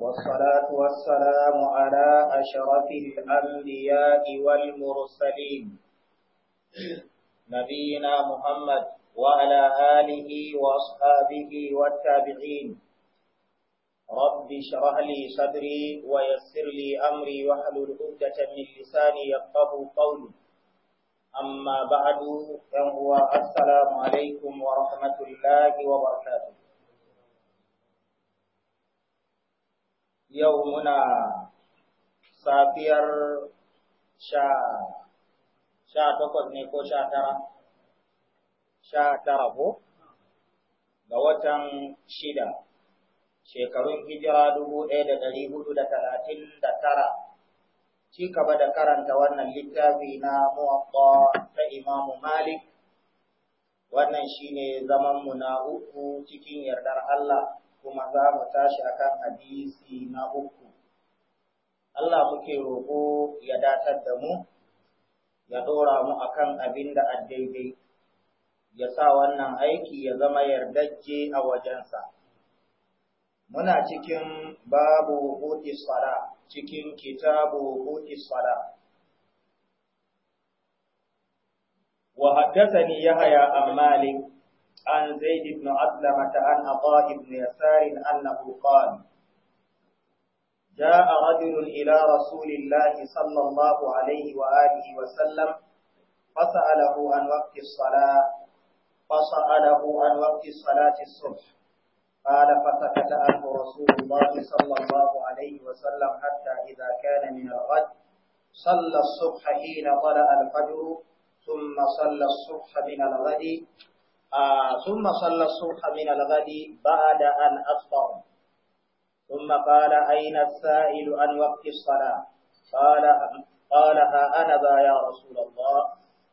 والصلاة والسلام على أشرف الأنبياء والمرسلين نبينا محمد وعلى آله وأصحابه والتابعين رب اشرح لي صدري ويسر لي أمري واحلل عقدة من لساني يفقهوا قولي أما بعد فهو السلام عليكم ورحمة الله وبركاته yau muna safiyar sha sha takwas ne ko sha tara? Sha tara ko? Ga watan shida, shekarun hijira dubu ɗaya da ɗari hudu da talatin da tara, ci gaba da karanta wannan littafi na muwaɓɓa ta Imamu Malik, wannan shine zamanmu na uku cikin yardar Allah. kuma za mu tashi akan hadisi na uku. Allah muke roƙo ya datar da mu, ya ɗora mu akan abin da daidai, ya sa wannan aiki ya zama yardajje a wajensa. Muna cikin babu hutu tsara, cikin kitabu hutu tsara. Wa haddasa ni Yahaya a Malik. عن زيد بن أسلمة عن عطاء بن يسار أنه قال جاء رجل إلى رسول الله صلى الله عليه وآله وسلم فسأله عن وقت الصلاة فسأله عن وقت صلاة الصبح قال فسكت عنه رسول الله صلى الله عليه وسلم حتى إذا كان من الغد صلى الصبح حين طلع الفجر ثم صلى الصبح من الغد ثم صلى الصبح من الغد بعد أن أفطر ثم قال أين السائل عن وقت الصلاة قال قال ها أنا يا رسول الله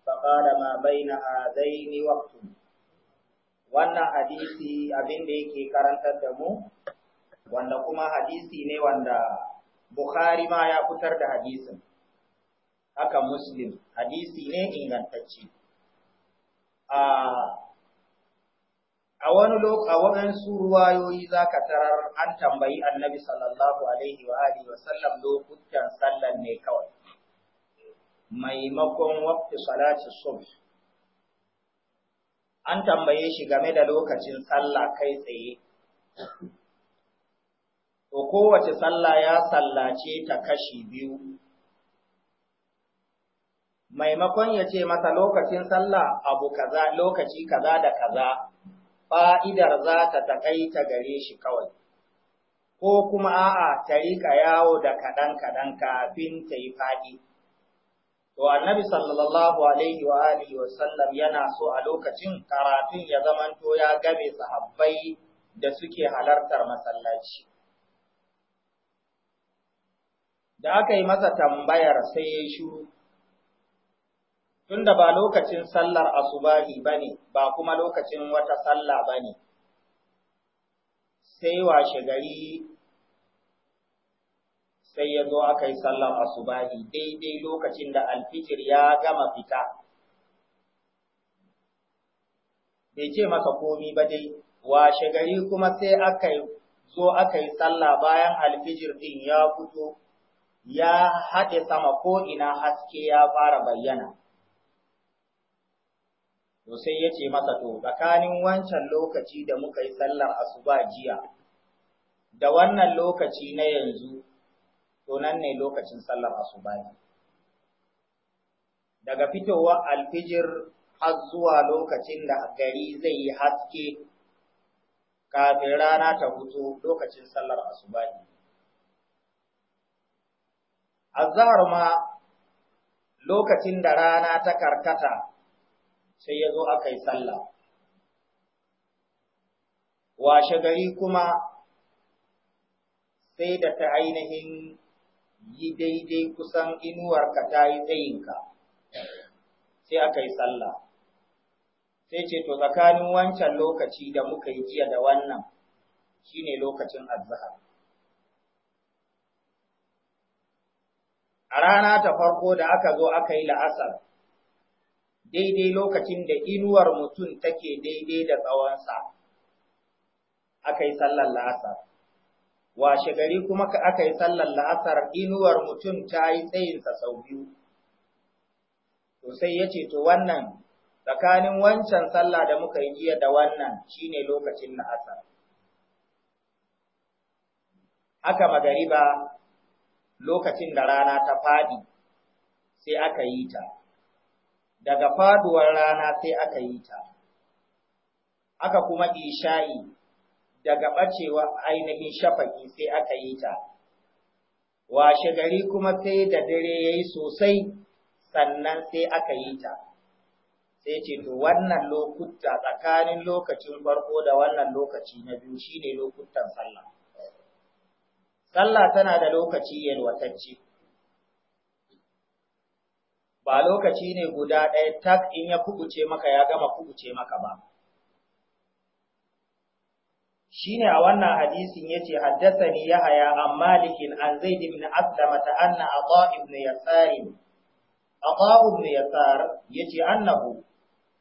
فقال ما بين هذين وقت wannan hadisi abin da yake karantar da mu wanda kuma hadisi ne wanda Bukhari ma ya fitar da hadisin haka Muslim hadisi ne ingantacce a a wani lokaci a waɗansu ruwayoyi za ka tarar an tambayi annabi sallallahu alaihi wa alihi wa sallam lokutan sallan ne kawai maimakon waqti salati subh an tambaye shi game da lokacin sallah kai tsaye to kowace sallah ya sallace ta kashi biyu maimakon ya ce masa lokacin sallah abu kaza lokaci kaza da kaza fa'idar za ta taƙaita gare shi kawai, ko kuma a'a ta riƙa yawo da kaɗan-kaɗan kafin ta yi faɗi. To, annabi sallallahu Alaihi wa Alihi wasallam yana so a lokacin karatun ya zamanto ya game sahabbai da suke halartar masallaci. Da aka yi masa tambayar sai ya shuru. tunda ba lokacin sallar asubahi bane ba kuma lokacin wata salla bane sai washe gari sai ya zo aka sallar asubahi daidai lokacin da alfijir ya gama fita bai ce masa komi ba dai washe gari kuma sai aka zo aka yi sallah bayan alfijir din ya fito ya haɗe sama ko ina haske ya fara bayyana to sai ya ce masa to tsakanin wancan lokaci da muka yi sallar asuba jiya da wannan lokaci na yanzu to nan ne lokacin sallar asuba ne daga fitowar alfijir har zuwa lokacin da gari zai yi haske kafin rana ta fito lokacin sallar asuba ne azhar ma lokacin da rana ta karkata sai ya zo aka yi sallah washe gari kuma sai da ta ainihin yi daidai kusan inuwarka ta yi tsayinka sai aka yi sallah sai ce to tsakanin wancan lokaci da muka yi jiya da wannan shine lokacin azzaha. a rana ta farko da aka zo aka yi la'asar daidai lokacin da inuwar mutum take daidai da tsawonsa aka yi sallar la'asar washe gari kuma aka yi sallar la'asar inuwar mutum ta yi tsayinsa sau biyu to sai ya ce to wannan tsakanin wancan sallah da muka yi jiya da wannan shi ne lokacin la'asar haka magariba lokacin da rana ta faɗi sai aka yi ta daga faduwar rana sai aka yi ta, aka kuma isha'i daga ɓacewa ainihin shafaki sai aka yi ta, washe gari kuma sai da dare ya yi sosai sannan sai aka yi ta, sai ce to wannan lokuta tsakanin lokacin farko da wannan lokaci na biyu shine lokutan sallah. Sallah tana da lokaci yalwatacce. ba lokaci ne guda ɗaya tak in ya kubuce maka ya gama kubuce maka ba. Shi ne a wannan hadisin ya ce, haddasa ni ya haya an malikin an zai dimna aslamata anna aqa ibn yasarin. Aqa ibn yasar ya ce annahu,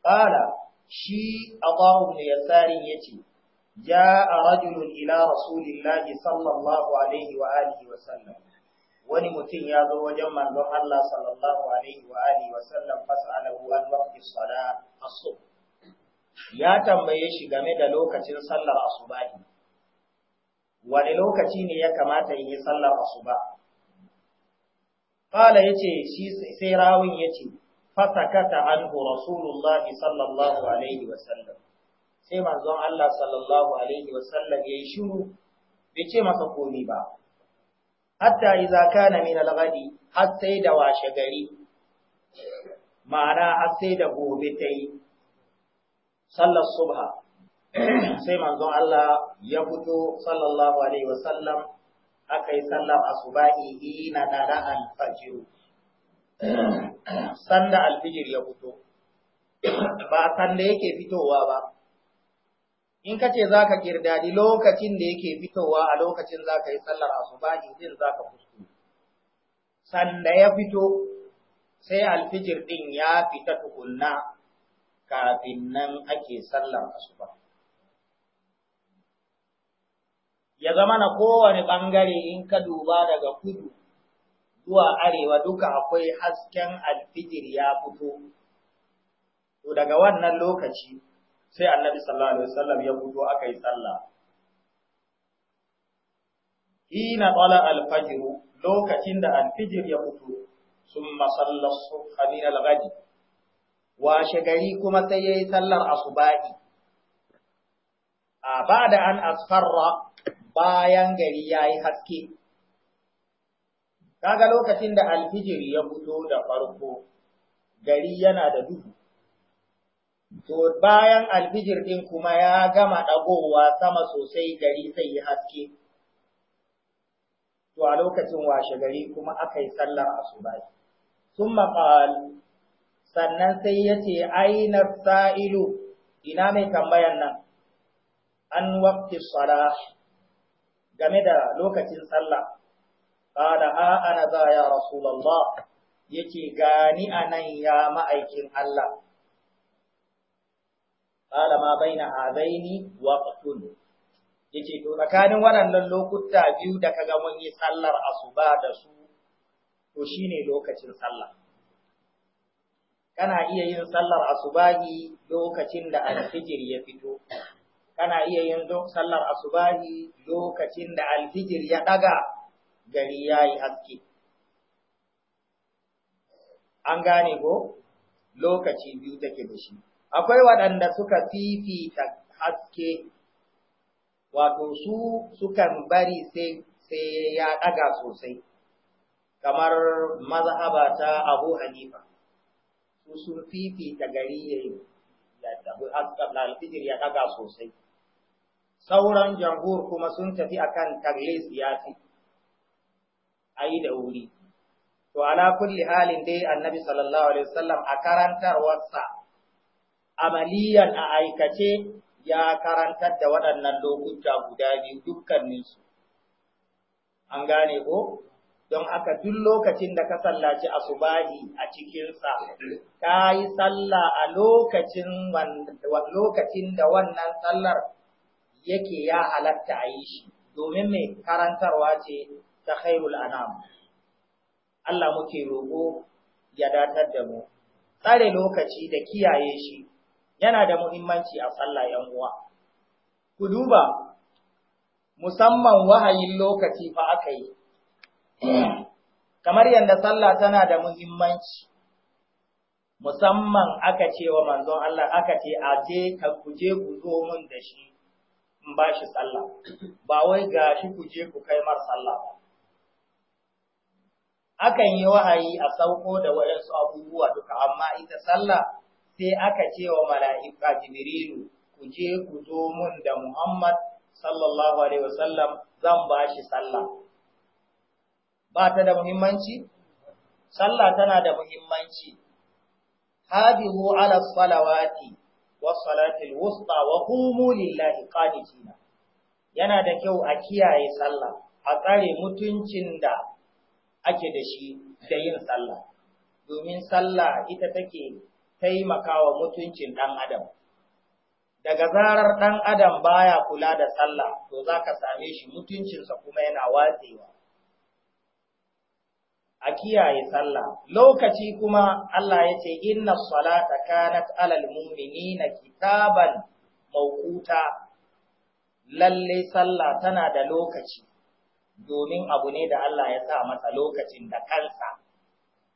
ƙala shi aqa ibn yasarin ya ce, a rajulun ila رسول sallallahu alaihi wa alihi wa sallam. wani mutum ya zo wajen manzon Allah sallallahu alaihi wa alihi wa sallam fas'alahu an waqti salat as-subh ya tambaye shi game da lokacin sallar asubahi wani lokaci ne ya kamata in yi sallar asuba qala yace shi sai rawin yace fasakata anhu rasulullah sallallahu alaihi wa sallam sai manzon Allah sallallahu alaihi wa sallam yayi shiru bai ce masa komai ba hatta iza kana min al-ghadi har sai da washe gari ma'ana har sai da gobe tai sallar subha sai manzon Allah ya fito sallallahu alaihi wasallam aka yi sallar asubahi ina dara al-fajr sanda al fajr ya fito ba sanda yake fitowa ba in ka ce za ka kirdadi lokacin da yake fitowa a lokacin za ka yi sallar asuba, din za ka kuskure sanda ya fito sai alfijir ɗin ya fita tukunna kafin nan ake sallar asuba ya zama na kowane ɓangare in ka duba daga kudu zuwa arewa duka akwai hasken alfijir ya fito to daga wannan lokaci sai annabi sallallahu alaihi wasallam ya fito aka yi sallah hina tsala alfajir lokacin da alfijir ya fito summa salla subha min alghadi washe gari kuma sai yayi sallar asubahi a bada an asfarra bayan gari yayi haske kaga lokacin da alfijir ya fito da farko gari yana da duhu to bayan albijir ɗin kuma ya gama ɗagowa sama sosai gari zai yi haske. To a lokacin washe gari kuma aka yi sallar asubahi. Sun maƙal, sannan sai ya ce, ainar sa'ilu, ina mai tambayan nan, an waƙti salah game da lokacin sallah. Ƙada ha ana za ya Rasulallah, yake gani a nan ya ma'aikin Allah. qala ma baina wa waqtun Yake to tsakanin waɗannan lokuta biyu da ka gama yi sallar asuba da su to shi ne lokacin sallar. kana iya yin sallar asubahi lokacin da alfijir ya fito kana iya yin sallar asubahi lokacin da alfijir ya ɗaga? gari ya yi haske an gane ko lokaci biyu take da shi akwai waɗanda suka fifita haske wato su sukan bari sai ya ɗaga sosai kamar mazhaba ta abu hanifa su sun fifita gari ya ya ɗaga sosai sauran jamhur kuma sun tafi akan taglis ya a yi da wuri to ala kulli halin dai annabi sallallahu alaihi wasallam a karantarwarsa amaliyan a aikace ya karantar da waɗannan lokuta guda biyu dukkaninsu. An gane ko? Don aka duk lokacin da ka sallaci asubahi a cikinsa, ka yi sallah a lokacin lokacin da wannan sallar yake ya halatta a yi shi, domin mai karantarwa ce ta khairul anam. Allah muke roƙo ya datar da mu, tsare lokaci da kiyaye shi. yana da muhimmanci a sallah yan uwa ku duba musamman wahayin lokaci fa aka yi kamar yadda sallah tana da muhimmanci musamman aka ce wa manzon Allah aka ce a je ka kuje ku zo mun da shi in ba shi sallah ba wai ga shi kuje ku kai mar sallah ba akan yi wahayi a sauko da waɗansu abubuwa duka amma ita sallah sai aka ce wa mala'ika Jibrilu, ku je ku zo mun da Muhammad sallallahu Alaihi wasallam zan ba shi sallah. Ba ta da muhimmanci? Sallah tana da muhimmanci. Habihu ala salawati wa salatul wusta wa kumu lillahi qanitina. Yana da kyau a kiyaye sallah, a tsare mutuncin da ake da shi da yin sallah. Domin sallah ita take taimakawa mutuncin ɗan adam. Daga zarar ɗan adam baya kula da sallah, to za ka same shi mutuncinsa kuma yana watsewa. A kiyaye sallah, lokaci kuma Allah ya ce, Inna salata kanat alal mumini na kitaban maukuta, lalle sallah tana da lokaci, domin abu ne da Allah ya sa masa lokacin da kansa,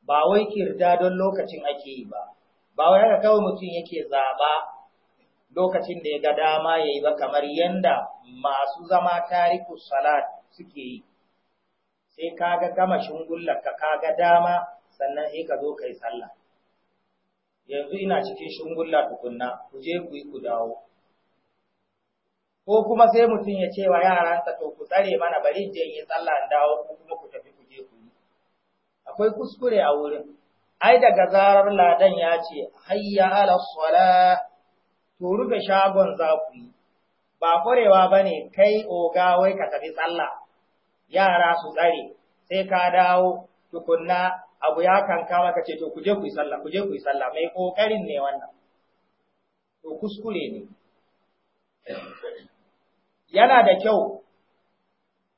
ba wai kirda don lokacin ake yi ba. ba wai haka kawai mutum yake zaba lokacin da ya ga dama ya yi ba kamar yanda masu zama tariku salat suke yi sai ka ga gama shungullar ka ka ga dama sannan sai ka zo kai sallah yanzu ina cikin shungulla tukunna ku je ku yi ku dawo ko kuma sai mutum ya ce wa yaransa to ku tsare mana bari je yi sallah in dawo ko kuma ku tafi ku je ku yi akwai kuskure a wurin ai daga zarar ladan ya ce hayya ala sala to rufe shagon za ku yi ba kwarewa ba ne kai oga wai ka tafi sallah yara su tsare sai ka dawo tukunna abu ya kanka maka ce to kuje ku yi sallah kuje ku yi sallah mai kokarin ne wannan to kuskure ne yana da kyau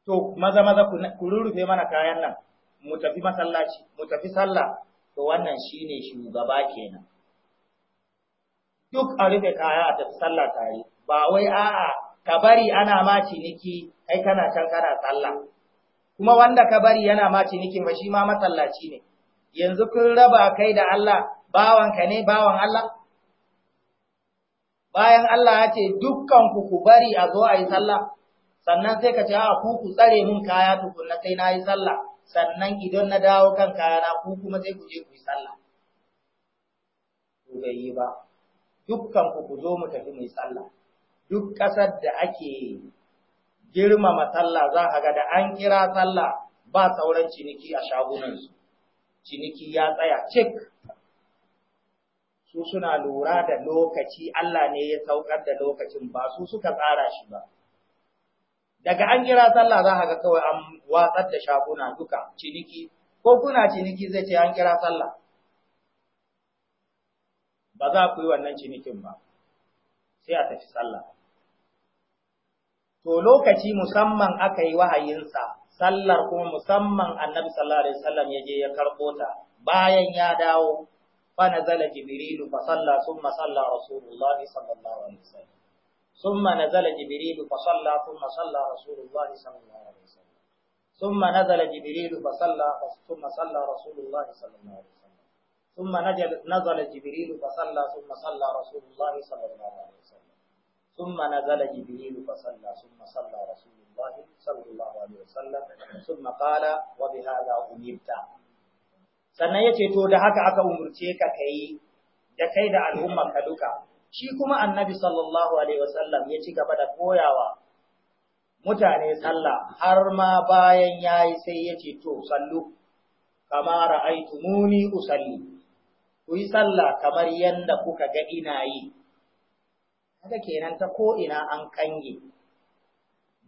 to maza maza ku rurrufe mana kayan nan mu tafi masallaci mu tafi sallah to wannan shine shugaba kenan duk a rufe kaya a tafi sallah tare ba wai a'a ka bari ana ma ciniki kai kana can kana sallah kuma wanda ka bari yana ma cinikin ba shi ma masallaci ne yanzu kun raba kai da Allah bawanka ne bawan Allah bayan Allah ya ce dukkanku ku bari a zo a yi sallah sannan sai ka ce a ku ku tsare min kaya tukunna sai na yi sallah sannan idan na dawo kan kayana ku kuma zai kuje ku yi sallah bai yi ba dukkan ku ku zo mu tafi mu yi sallah duk ƙasar da ake girmama sallah za a ga da an kira sallah ba sauran ciniki a shagunansu ciniki ya tsaya cik su suna lura da lokaci Allah ne ya saukar da lokacin ba su suka tsara shi ba daga an kira sallah za ka ga kawai an watsar da shaguna duka ciniki ko kuna ciniki zai ce an kira sallah ba za ku yi wannan cinikin ba sai a tafi sallah to lokaci musamman aka yi wahayinsa sallar kuma musamman annabi sallallahu alaihi wasallam ya je ya karɓo ta bayan ya dawo fa nazala jibrilu fa salla thumma salla rasulullahi sallallahu alaihi wasallam ثم نزل جبريل فصلى ثم صلى رسول الله صلى الله عليه وسلم ثم نزل جبريل فصلى ثم صلى رسول الله صلى الله عليه وسلم ثم نزل نزل جبريل فصلى ثم صلى رسول الله صلى الله عليه وسلم ثم نزل جبريل فصلى ثم صلى رسول الله صلى الله عليه وسلم ثم قال وبهذا أمرت sannan ya ce to da haka aka umurce ka kai da kai da al'ummar ka duka shi kuma annabi sallallahu alaihi wasallam ya ci gaba da koyawa mutane sallah har ma bayan yayi sai ya ce to sallu kama ra'aytumuni usalli ku yi sallah kamar yanda kuka ga ina yi haka kenan ta ko ina an kange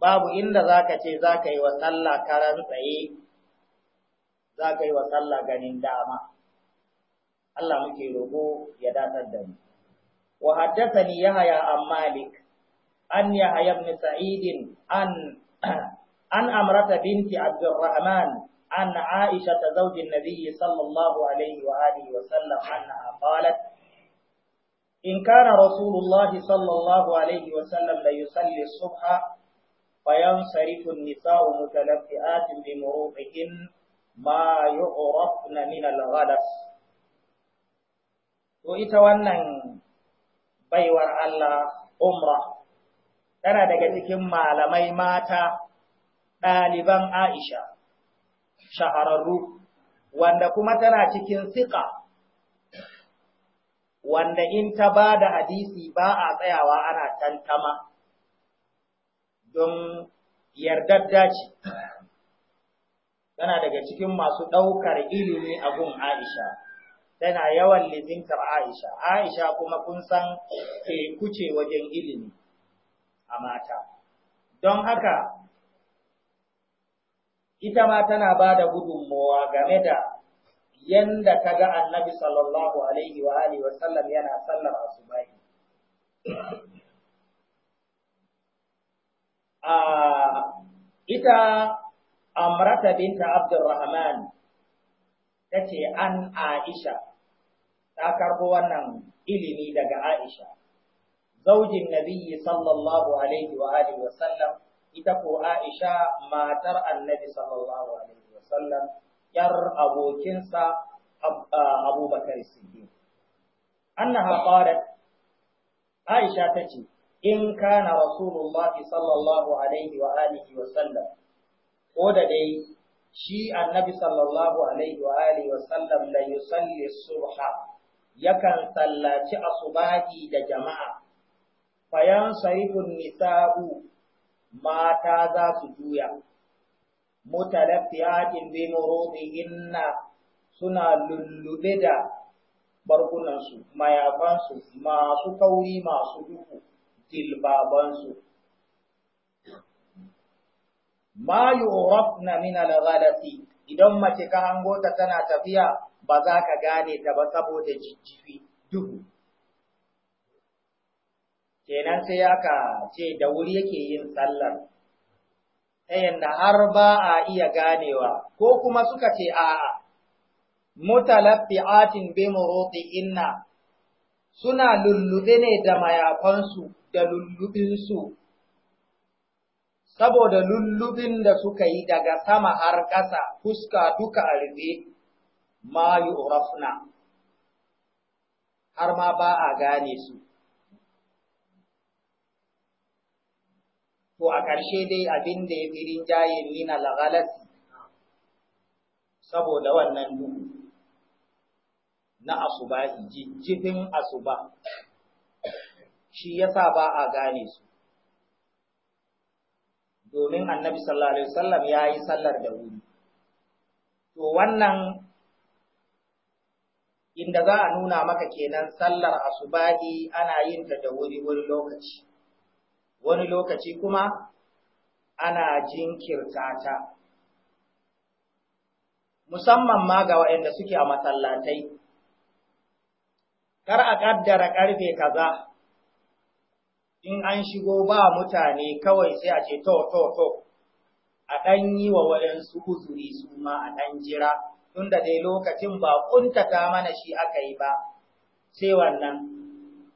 babu inda zaka ce zaka yi wa sallah karan tsaye zaka yi wa sallah ganin dama Allah muke roƙo ya datar da mu وحدثني يحيى عن مالك أن يحيى بن سعيد أن أن أمرة بنت عبد الرحمن أن عائشة زوج النبي صلى الله عليه وآله وسلم أنها قالت إن كان رسول الله صلى الله عليه وسلم ليصلي الصبح فينصرف النساء متلفئات بمروحهن ما يعرفن من الغلس وإتوانا baiwar Allah Umra, tana daga cikin malamai mata ɗaliban Aisha, shahararru, wanda kuma tana cikin siƙa, wanda in ta ba da hadisi ba a tsayawa ana tantama don yardar dace. Tana daga cikin masu ɗaukar ilimi a gun Aisha. tana yawan lizintar Aisha. Aisha kuma kun san ke kuce wajen ilimi a mata. Don haka, ita ma tana ba da gudunmowa game da yanda ta ga annabi sallallahu alaihi wa alihi wa sallam yana sallar asubahi. ita amrata binta Abdulrahman ta ce an Aisha Ta karbo wannan ilimi daga Aisha zaujin nabiyyi sallallahu alaihi wa alihi wa sallam ita ko Aisha matar annabi sallallahu alaihi wa sallam yar abokinsa Abubakar Siddiq annaha qalat Aisha ta ce, in kana rasulullah sallallahu alaihi wa alihi wa sallam ko da dai shi annabi sallallahu alaihi wa alihi wa sallam la yusalli subha yakan sallaci asubahi da jama'a, fayan sarifin nisa'u mata za su juya, mutalafiyatin bi inna suna lullube da barkunansu, mayafansu, masu kauri masu duhu, jilbabansu. Ma yi na min idan mace ka hango ta tana tafiya ba za ka gane ta ba saboda jijjiri duhu. Kenan sai aka ce da wuri yake yin sallar, ta yadda har ba a iya ganewa, ko kuma suka ce a'a, mutalaffi'atin bi inna suna lullube ne da mayafansu da lullubinsu, saboda lullubin da suka yi daga sama har ƙasa, fuska duka a rufe. ma yu'rafna har ma ba a gane su to a ƙarshe dai abin da ya fi rinjaye nina lagalasi saboda wannan duhu na asuba jijjifin asuba shi yasa ba a gane su domin annabi sallallahu alaihi wasallam ya yi sallar da wuri to wannan inda za a nuna maka kenan sallar asubahi ana yin ta da wuri wani lokaci wani lokaci kuma ana jinkirta ta musamman ma ga waɗanda suke a masallatai kar a ƙaddara ƙarfe kaza in an shigo ba mutane kawai sai a ce to to to a ɗan yi wa waɗansu uzuri su ma a ɗan jira tunda dai lokacin ba kuntata mana shi aka yi ba sai wannan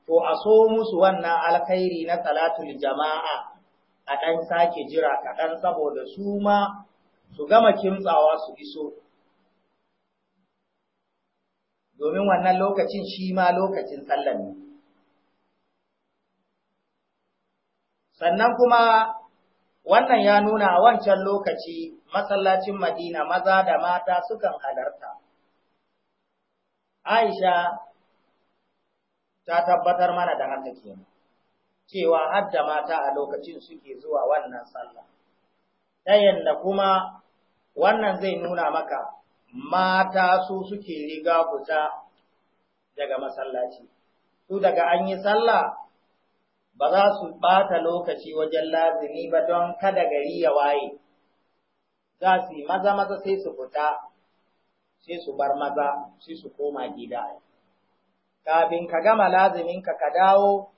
to a so musu wannan alkhairi na salatul jama'a a ɗan sake jira kaɗan saboda su ma su gama kimtsawa su iso domin wannan lokacin shi ma lokacin sallah ne sannan kuma Wannan ya nuna a wancan lokaci masallacin Madina maza da mata sukan halarta. Aisha ta tabbatar mana da haka kenan, cewa har da mata a lokacin suke zuwa wannan sallah. Ta yanda kuma wannan zai nuna maka mata su suke riga kusa daga masallaci. Su daga an yi sallah ba za su ɓata lokaci wajen lazimi ba don kada gari ya waye, za su yi maza maza sai su fita, sai su bar maza, sai su koma gida. Kafin ka gama laziminka ka dawo,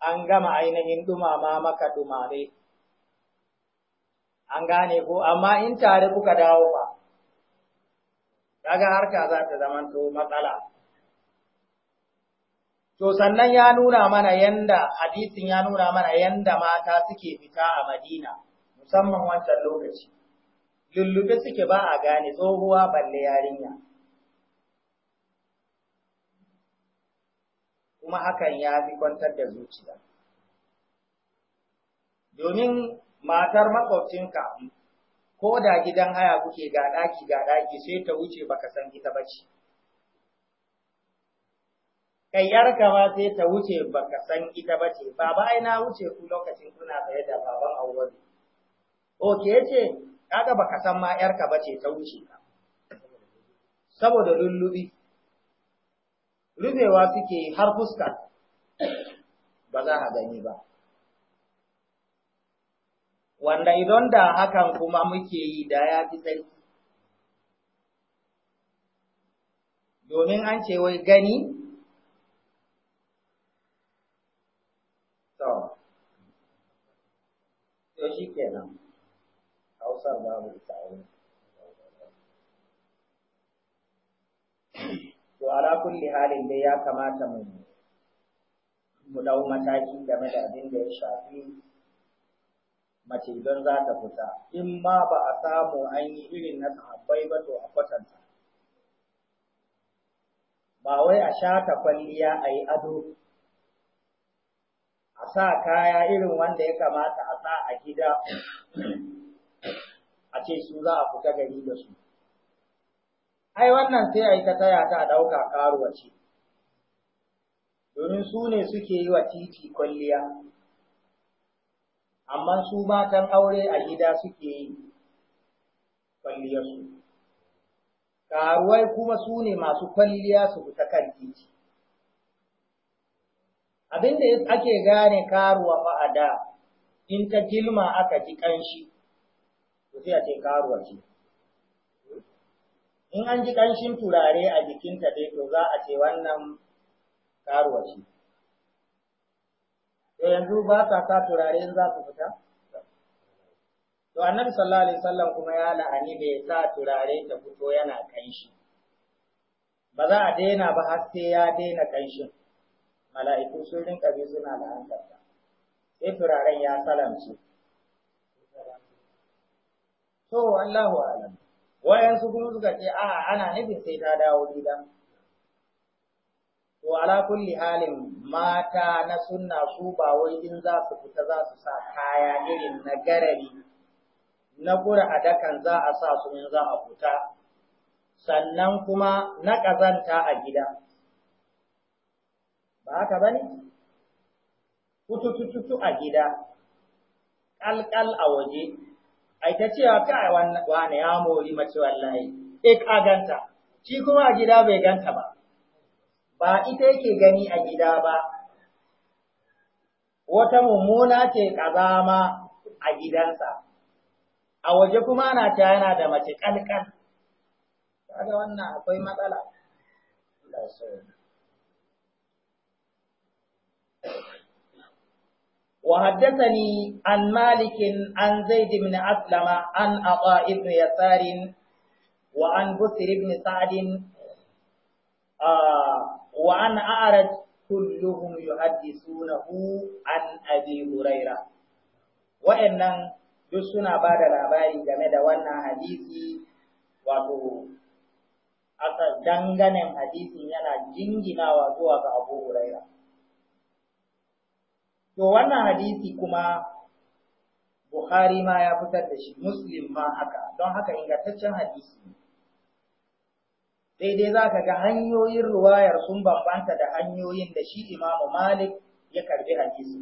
an gama ainihin dumama maka dumare. An gane ko, amma in tare kuka dawo ba, kaga harka za ta zamanto matsala. To sannan ya nuna mana yanda hadisin ya nuna mana yanda mata suke fita a Madina musamman wancan lokaci. Lullube suke ba a gane tsohuwa balle yarinya. Kuma hakan ya fi kwantar da zuciya. Domin matar makwabcinka ko da gidan haya kuke ga ɗaki ga ɗaki sai ta wuce baka san ita ba ce. kai yarka ma sai ta wuce baka san ita ba ce baba ai na wuce ku lokacin kuna tsaye da baban awwalu o ke ce kaga baka san ma yarka ba ce ta wuce ka saboda lullubi rubewa suke har fuska ba za a gani ba wanda idan da hakan kuma muke yi da ya fi sai, domin an ce wai gani to shi kenan hausar babu ita wani to ala kulli halin dai ya kamata mu mu dau mataki game da abin da ya shafi mace idan za ta fita in ma ba a samu an yi irin na sahabbai ba to a kwatanta ba wai a shata kwalliya a yi ado a sa kaya irin wanda ya kamata a sa a gida a ce su za a fita gari da su. Ai wannan sai a yi ta taya ta ɗauka karuwa ce, domin su ne suke yi wa titi kwalliya, amma su matan aure a gida suke yi kwalliyarsu. Karuwai kuma su ne masu kwalliya su fita kan titi. abin da ake gane karuwa fa a da in ta gilma aka ji kanshi to sai a ce karuwa ce in an ji kanshin turare a jikinta dai to za a ce wannan karuwa ce to yanzu ba ta sa turare in za su fita to annabi sallallahu alaihi wasallam kuma ya la'ani bai sa turare ta fito yana kanshi ba za a daina ba har sai ya daina kanshin mala'iku sun rinka bi suna da la'antarta sai turaren ya salamce to Allahu alam su kuma suka ce a'a ana nufin sai ta dawo gida to ala kulli halin mata na sunna su ba wai in za su fita za su sa kaya irin na garari na gura adakan za a sa su in za a fita sannan kuma na ƙazanta a gida ba haka ba ne? Kututututu a gida, ƙalƙal a waje, ai ta cewa kai wane ya mori mace wallahi, e ka ganta, shi kuma a gida bai ganta ba, ba ita yake gani a gida ba, wata mummuna ce ƙazama a gidansa, a waje kuma ana ta yana da mace ƙalƙal, kaga wannan akwai matsala. Allah وحدثني عن مالك Aslama, زيد بن أسلم عن عطاء بن يسار وعن بسر بن سعد آه وعن أعرج كلهم يحدثونه عن أبي هريرة وإن duk suna ba da labari game da wannan hadisi wato aka danganen hadisin yana jinginawa zuwa ga Abu Huraira. To wannan hadisi kuma Bukhari ma ya fitar da shi, Muslim ma haka, don haka ingantaccen hadisi ne. Sai dai za ka ga hanyoyin ruwayar sun bambanta da hanyoyin da shi Imamu Malik ya karbi hadisi.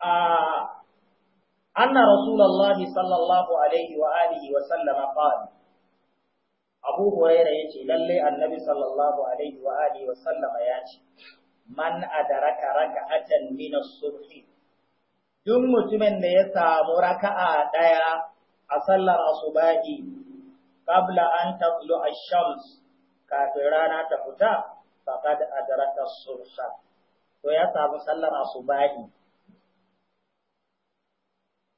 A anna Rasulallah sallallahu alaihi wa alihi wa sallama qala Abu Huraira ce, lalle Annabi sallallahu alaihi wa alihi wa sallama yace man adaraka raka'atan min as sufi. duk mutumin da ya samu raka'a ɗaya a sallar asubahi qabla an taqlu ash-shams kafin rana ta fita faqad adaraka as to ya samu sallar asubahi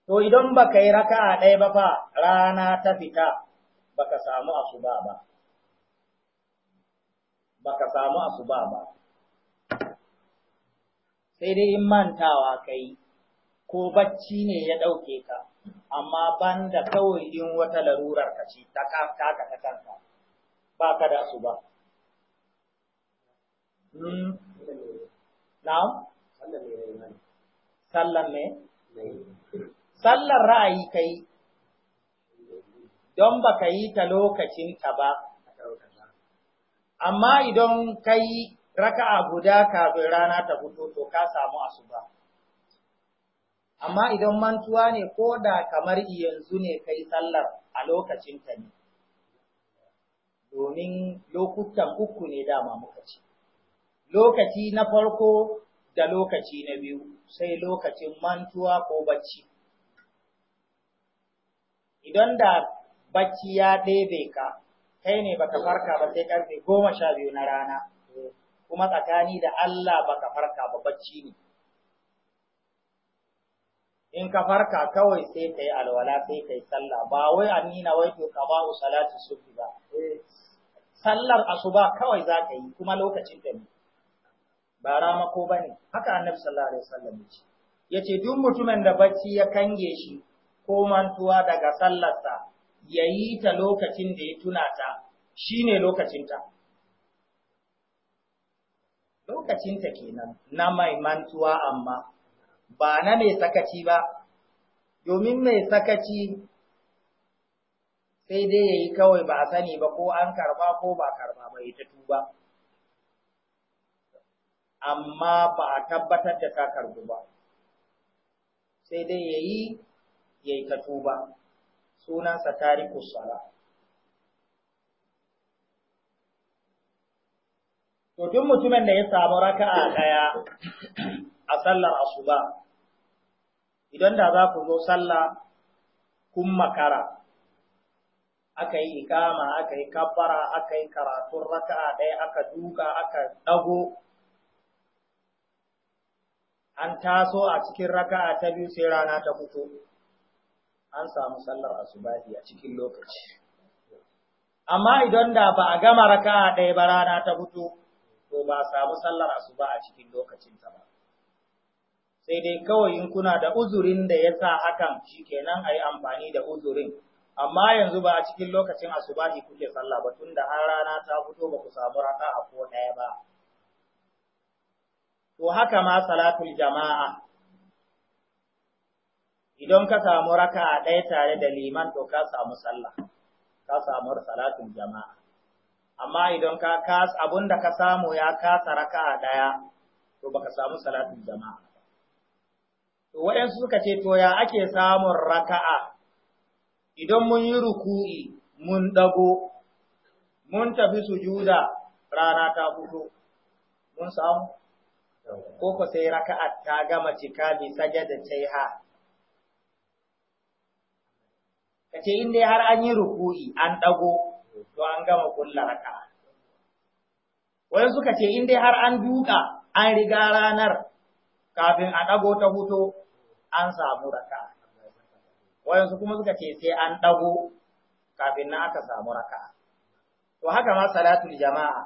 to idan baka yi raka'a ɗaya ba fa rana ta fita baka samu asuba ba baka samu asuba ba sai dai in mantawa kai ko bacci ne ya ɗauke ka amma banda kawai in wata larurar ka ce ta ta ka ta kanka ba ka da asuba hmm? na'am sallan me sallar ra'ayi kai don ba ka yi ta lokacinta ba. Amma idan ka yi raka'a guda kafin rana ta fito to ka samu asuba. Amma idan mantuwa ne ko da kamar yanzu ne ka yi sallar a lokacinta ne, domin lokutan uku ne dama muka ce. Lokaci na farko da lokaci na biyu sai lokacin mantuwa ko bacci. Idan da bacci ya ɗebe ka kai ne baka farka ba sai ƙarfe goma sha biyu na rana kuma tsakani da Allah baka farka ba bacci ne in ka farka kawai sai kai alwala sai kai sallah ba wai amina wai to ka ba salatu subhi ba sallar asuba kawai za ka yi kuma lokacin ta ne ba ramako ba ne haka annabi sallallahu alaihi wasallam ya ce ya ce duk mutumin da bacci ya kange shi ko mantuwa daga sallarsa ya yi ta lokacin da ya tuna ta shi ne lokacinta. Lokacinta kenan na mai mantuwa amma ba na mai sakaci ba, domin mai sakaci sai dai ya yi kawai ba a sani ba ko an karba ko ba karba ba ita tuba. Amma ba a tabbatar da ta karbu ba, sai dai ya yi ya yi ta tuba. sunansa tariku sala to duk mutumin da ya samu raka'a ɗaya a sallar asuba idan da za ku zo salla kun makara aka yi ikama aka yi kabbara aka yi karatun raka'a ɗaya aka duka aka ɗago an taso a cikin raka'a ta biyu sai rana ta fito an samu sallar asubahi a cikin lokaci amma idan da ba a gama raka ɗaya ba rana ta fito to ba a samu sallar asuba a cikin lokacinta ba sai dai kawai in kuna da uzurin da ya sa hakan shikenan a yi amfani da uzurin amma yanzu ba a cikin lokacin ne kuke sallah ba tun da har rana ta fito ba ku samu raka a ko ɗaya ba to haka ma salatul jama'a idan ka samu raka a ɗaya tare da liman to ka samu sallah ka samu salatin jama'a amma idan ka kas da ka samu ya kasa raka a ɗaya to baka samu salatin jama'a to waɗansu suka ce to ya ake samun raka'a idan mun yi ruku'i mun ɗago mun tafi sujuda rana ta fito mun samu ko ko sai raka'a ta gama cika bi sajada ha. ka ce in dai har an yi ruku'i an ɗago to an gama kulla raka wai suka ce in dai har an duka an riga ranar kafin a ɗago ta huto an samu raka wayansu kuma suka ce sai an ɗago kafin na aka samu raka to haka ma salatul jama'a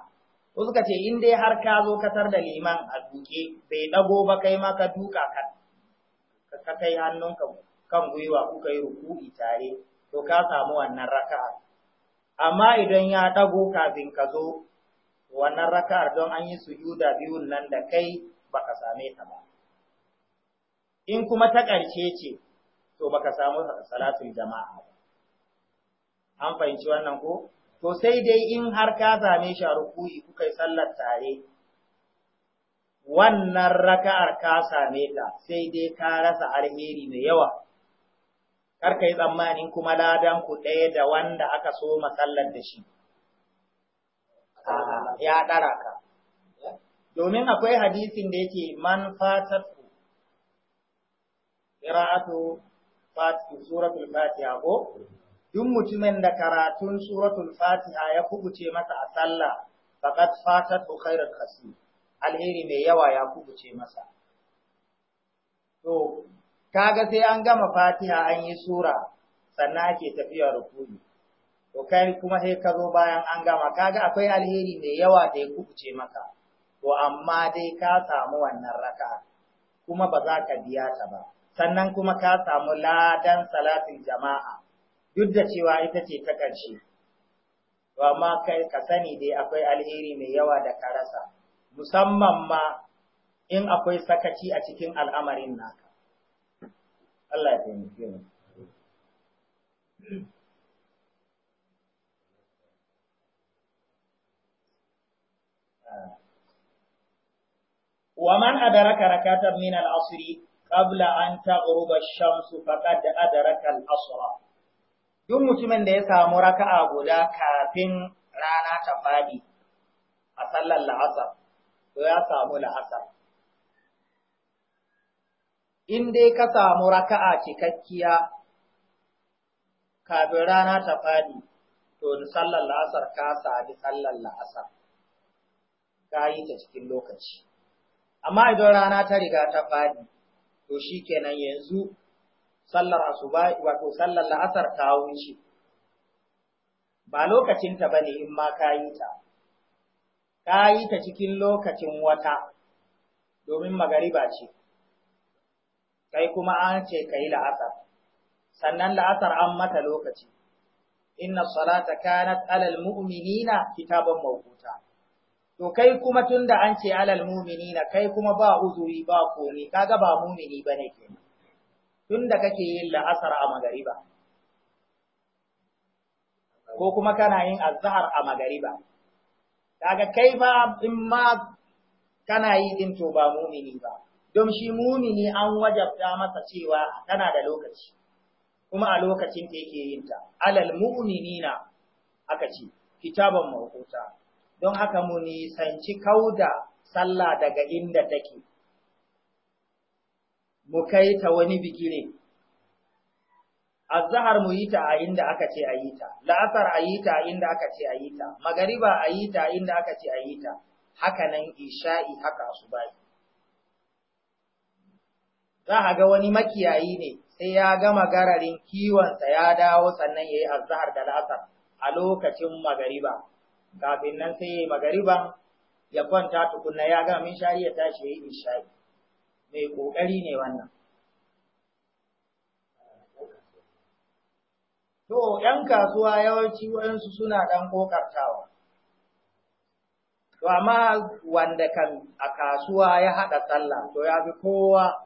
ko suka ce in dai har ka zo katar da liman a duke bai ɗago ba kai ma ka duka ka kai hannunka kan gwiwa kuka yi ruku'i tare to ka samu wannan raka'ar. amma idan ya dago kafin ka zo wannan raka'ar don an yi sujuda biyun nan da kai baka same ta ba in kuma ta ƙarshe ce to baka samu salatul jama'a ba an fahimci wannan ko to sai dai in har ka same shi a rukuyi kuka yi sallar tare wannan raka'ar ka same ta sai dai ka rasa alheri mai yawa kar ka yi tsammanin kuma ladan ku ɗaya da wanda aka so masallar da shi. Ya ɗara ka. Domin akwai hadisin da yake man fatar fatatu, ƙira'atu suratul fatiha ko? Duk mutumin da karatun suratul fatiha ya kubuce masa a sallah, faƙat ku khairar kasu, alheri mai yawa ya kubuce masa. To, kaga sai an gama fatiha an yi sura sannan ake tafiya rukuni to kai kuma sai ka zo bayan an gama kaga akwai alheri mai yawa da ya kubuce maka to amma dai ka samu wannan raka? kuma ba za ka biya ta ba sannan kuma ka samu ladan salatin jama'a duk da cewa ita ce ta ƙarshe to amma kai ka sani dai akwai alheri mai yawa da ka rasa musamman ma in akwai sakaci a cikin al'amarin naka Uwa mana taimake mu. Wa man adaraka rakata min al-asr qabla an taghrub ash-shams faqad adaraka al-asr. Duk mutumin da ya samu raka'a guda kafin rana ta fadi a sallar la'asar, to ya samu la'asar. in dai ka samu raka'a cikakkiya kafin rana ta faɗi, to sallar la'asar ka sami sallar la'asar, ka yi ta cikin lokaci. Amma idan rana ta riga ta faɗi, to shi kenan yanzu sallar asuba wato sallar la'asar ta wuce. Ba lokacinta ba ne in ma ka yi ta, ka yi ta cikin lokacin wata, domin magariba ce. kai kuma an ce kai la'asar sannan la'asar an mata lokaci inna salata kanat alal mu'minina kitaban mawquta to kai kuma tunda an ce alal mu'minina kai kuma ba uzuri ba komi, kaga ba mu'mini bane kenan tunda kake yin la'asar a magariba ko kuma kana yin azhar a magariba kaga kai ba in ma kana yi din to ba mu'mini ba don shi mumini an wajabta masa cewa tana da lokaci kuma a lokacin ta yake yin ta alal mu'minina aka ce kitaban mawquta don haka mu nisanci kauda sallah daga inda take mu kai ta wani bigire azhar mu yi ta a inda aka ce a ta la'asar a yi ta inda aka ce a ta magariba a yi ta inda aka ce a ta haka nan isha'i haka su asubahi za a ga wani makiyayi ne sai ya gama gararin kiwonsa ya dawo sannan ya yi azahar da la'asar a lokacin magariba kafin nan sai ya yi magariba ya kwanta tukunna ya gama min shari ya tashi ya yi ishari mai ƙoƙari ne wannan To, ‘yan kasuwa yawanci wayansu suna ɗan ƙoƙartawa, to, amma wanda kan a kasuwa ya haɗa sallah, to ya fi kowa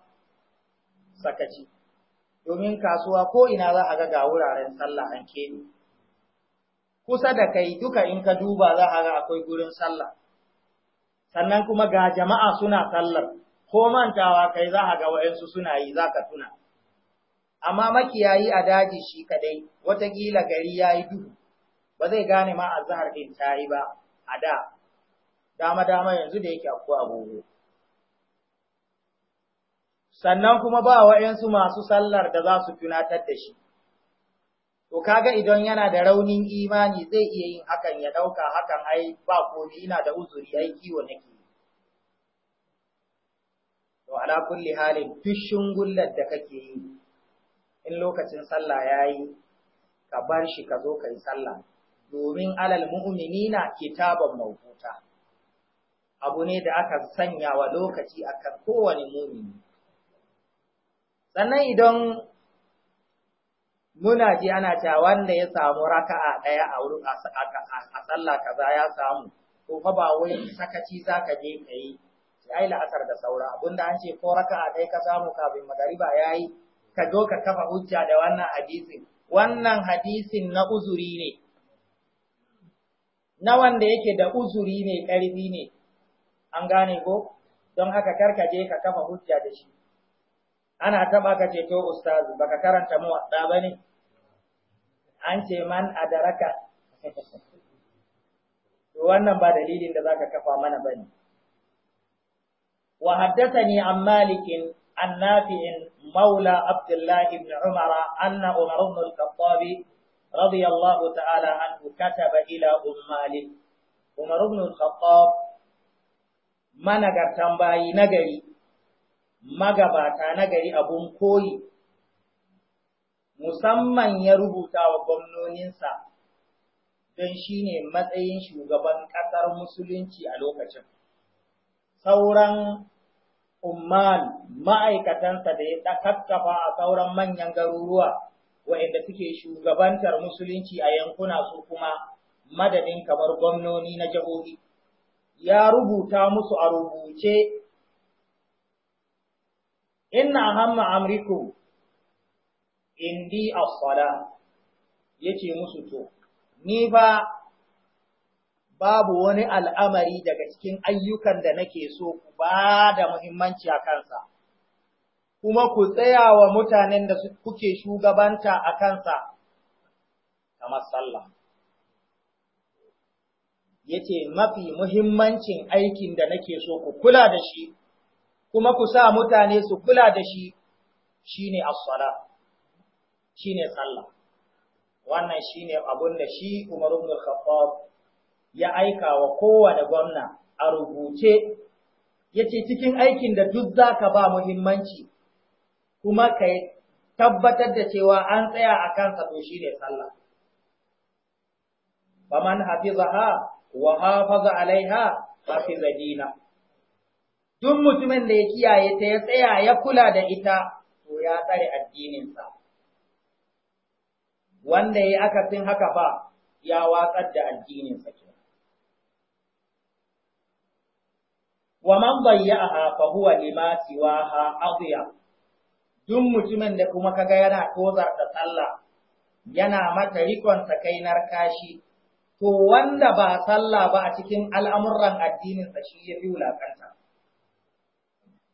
sakaci domin kasuwa ko ina za a ga ga wuraren sallah an keɓe kusa da kai duka in ka duba za a ga akwai gurin sallah sannan kuma ga jama'a suna sallar ko mantawa kai za a ga wa'yansu suna yi za ka tuna amma makiyayi a daji shi kadai watakila gari ya yi duhu ba zai gane ma azhar din ta ba a da dama dama yanzu da yake akwai abubuwa. sannan kuma ba wa'yansu masu sallar da za su tunatar da shi. To kaga idan yana da raunin imani zai iya yin hakan ya ɗauka hakan ai ba komi ina da uzuri ai kiwo nake. To ala kulli halin duk gullar da kake yi in lokacin sallah yi, ka bar shi ka zo kai sallah domin alal na kitaban mawuta. Abu ne da aka sanya wa lokaci akan kowane mumini. sannan idan muna ji ana cewa wanda ya samu raka'a ɗaya a wurin a sallah kaza ya samu to fa ba wai sakaci zaka je kai yi la'asar da saura abinda an ce ko raka'a ɗaya ka samu kafin magariba yayi ka zo ka kafa hujja da wannan hadisin wannan hadisin na uzuri ne na wanda yake da uzuri ne ƙarfi ne an gane ko don haka karka je ka kafa hujja da shi ana taɓa ka ceto, Ustaz, baka karanta muwaɗa ba ne an ce man adaraka to wannan ba dalilin da zaka kafa mana bane wa haddathani an malikin an nafi'in maula abdullahi ibn umara anna umar ibn al-khattab radiyallahu ta'ala anhu kataba ila ummali umar ibn al-khattab managartan bayi nagari magabata na gari abun koyi, musamman ya rubuta wa gwamnoninsa don shi ne matsayin shugaban ƙasar musulunci a lokacin. Sauran umman ma'aikatansa da ya kakkafa a sauran manyan garuruwa waɗanda suke shugabantar musulunci a yankuna su kuma madadin kamar gwamnoni na jihohi. Ya rubuta musu a rubuce inna ahamma amriku indi as-sala yace musu to ni ba babu wani al'amari daga cikin ayyukan da nake so ku ba da muhimmanci a kansa kuma ku tsaya wa mutanen da kuke shugabanta a kansa kamar sallah yace mafi muhimmancin aikin da nake so ku kula da shi kuma ku sa mutane su kula da shi shi ne as shi ne sallah wannan ne abin da shi umaru ibn ya aika wa kowane gwamna a rubuce ya ce cikin aikin da duk za ka ba muhimmanci kuma ka tabbatar da cewa an tsaya a kansa to ne sallah faman zaha wa hafaza alaiha hafiza zadina duk mutumin da ya kiyaye ta ya tsaya ya kula da ita, to ya tsare addininsa. Wanda ya akasin haka ba, ya watsar da addininsa ke. Wa man bayya'aha fa huwa lima siwaha adiya. Duk mutumin da kuma kaga yana tozar da sallah, yana mata rikon sakainar kashi, to wanda ba sallah ba a cikin al'amuran addininsa shi ya fi wulakanta.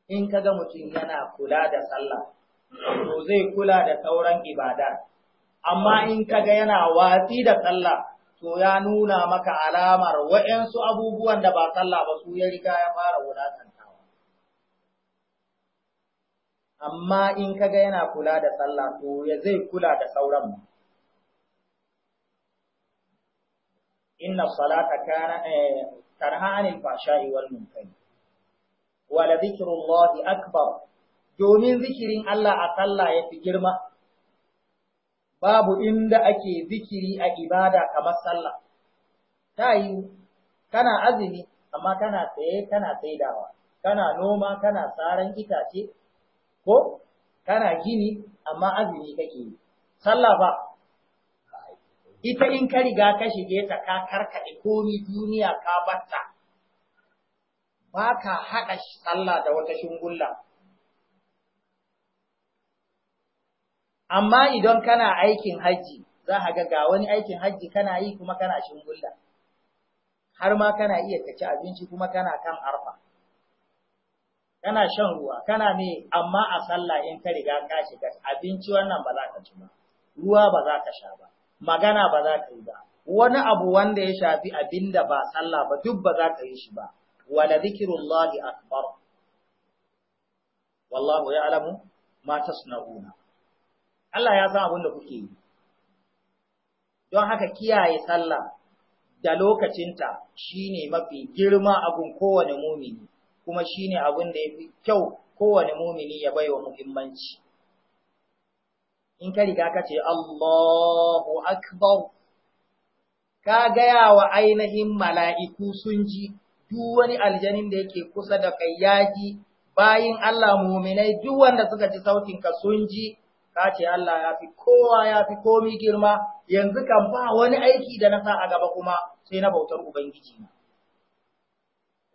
in ka ga mutum yana kula da sallah to zai kula da sauran ibada amma in ka ga yana watsi da sallah to ya nuna maka alamar waɗansu abubuwan da ba sallah ba su ya riga ya fara wulakantawa amma in ka ga yana kula da sallah to ya zai kula da sauran mu inna salata kana eh, anil fahsha'i wal munkari. wa la zikrullahi akbar domin zikirin Allah a sallah fi girma babu inda ake zikiri a ibada kamar sallah ta yi kana azumi amma kana tsaye kana tsaidawa kana noma kana saran itace ko kana gini amma azumi kake yi sallah ba ita in ka riga ka shige ta ka karkade komi duniya ka batta ba ka haɗa sallah da wata shungulla. Amma idan kana aikin hajji, za a ga wani aikin hajji kana yi kuma kana shungulla, har ma kana iya kaci abinci kuma kana kan arfa. Kana shan ruwa, kana ne, amma a sallah in ka riga ka shiga abinci wannan ba za ka ci ba, ruwa ba za ka sha ba, magana ba za ka yi ba, wani abu wanda ya shafi abin da ba sallah ba duk ba za ka yi shi ba. wala zikirullahi akbar wallahu ya'lamu ma tasna'una Allah ya san abin da kuke yi don haka kiyaye sallah da lokacinta shine mafi girma abun kowane mumini kuma shine abin da yafi kyau kowane mumini ya baiwa muhimmanci in ka riga ka ce Allahu akbar ka gaya wa ainihin mala'iku sun ji duk wani aljanin da yake kusa da kai yaji bayin Allah muminai duk wanda suka ji sautin ka sun ji ka ce Allah ya fi kowa ya fi komi girma yanzu kan ba wani aiki da na sa a gaba kuma sai na bautar ubangiji na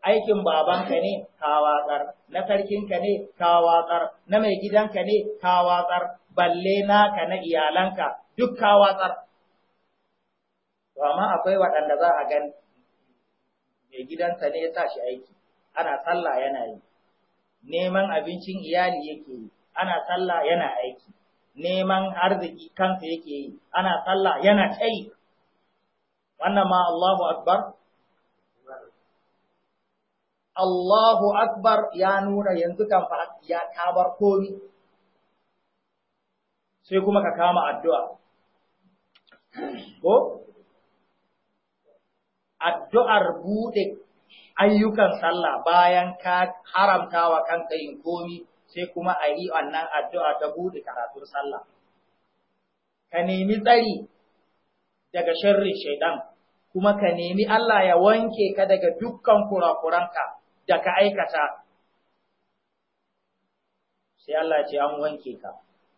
aikin babanka ne ka watsar na ka ne ka na mai gidanka ne ka watsar balle naka na iyalanka duk ka watsar to amma akwai waɗanda za a gani mai gidansa ne ya sa shi aiki ana sallah yana yi neman abincin iyali yake yi ana sallah yana aiki neman arziki kansa yake yi ana sallah yana tsayi. wannan ma Allahu akbar Allahu akbar ya nuna yanzu kan fa ya kabar komi sai kuma ka kama addu'a ko addu'ar buɗe ayyukan sallah bayan ka haramtawa kanka yin komi sai kuma a yi wannan addu'a ta buɗe karatun sallah. Ka nemi tsari daga sharrin shaidan, kuma ka nemi Allah ya wanke ka daga dukkan kurakuranka da ka aikata. Sai Allah ce an wanke ka.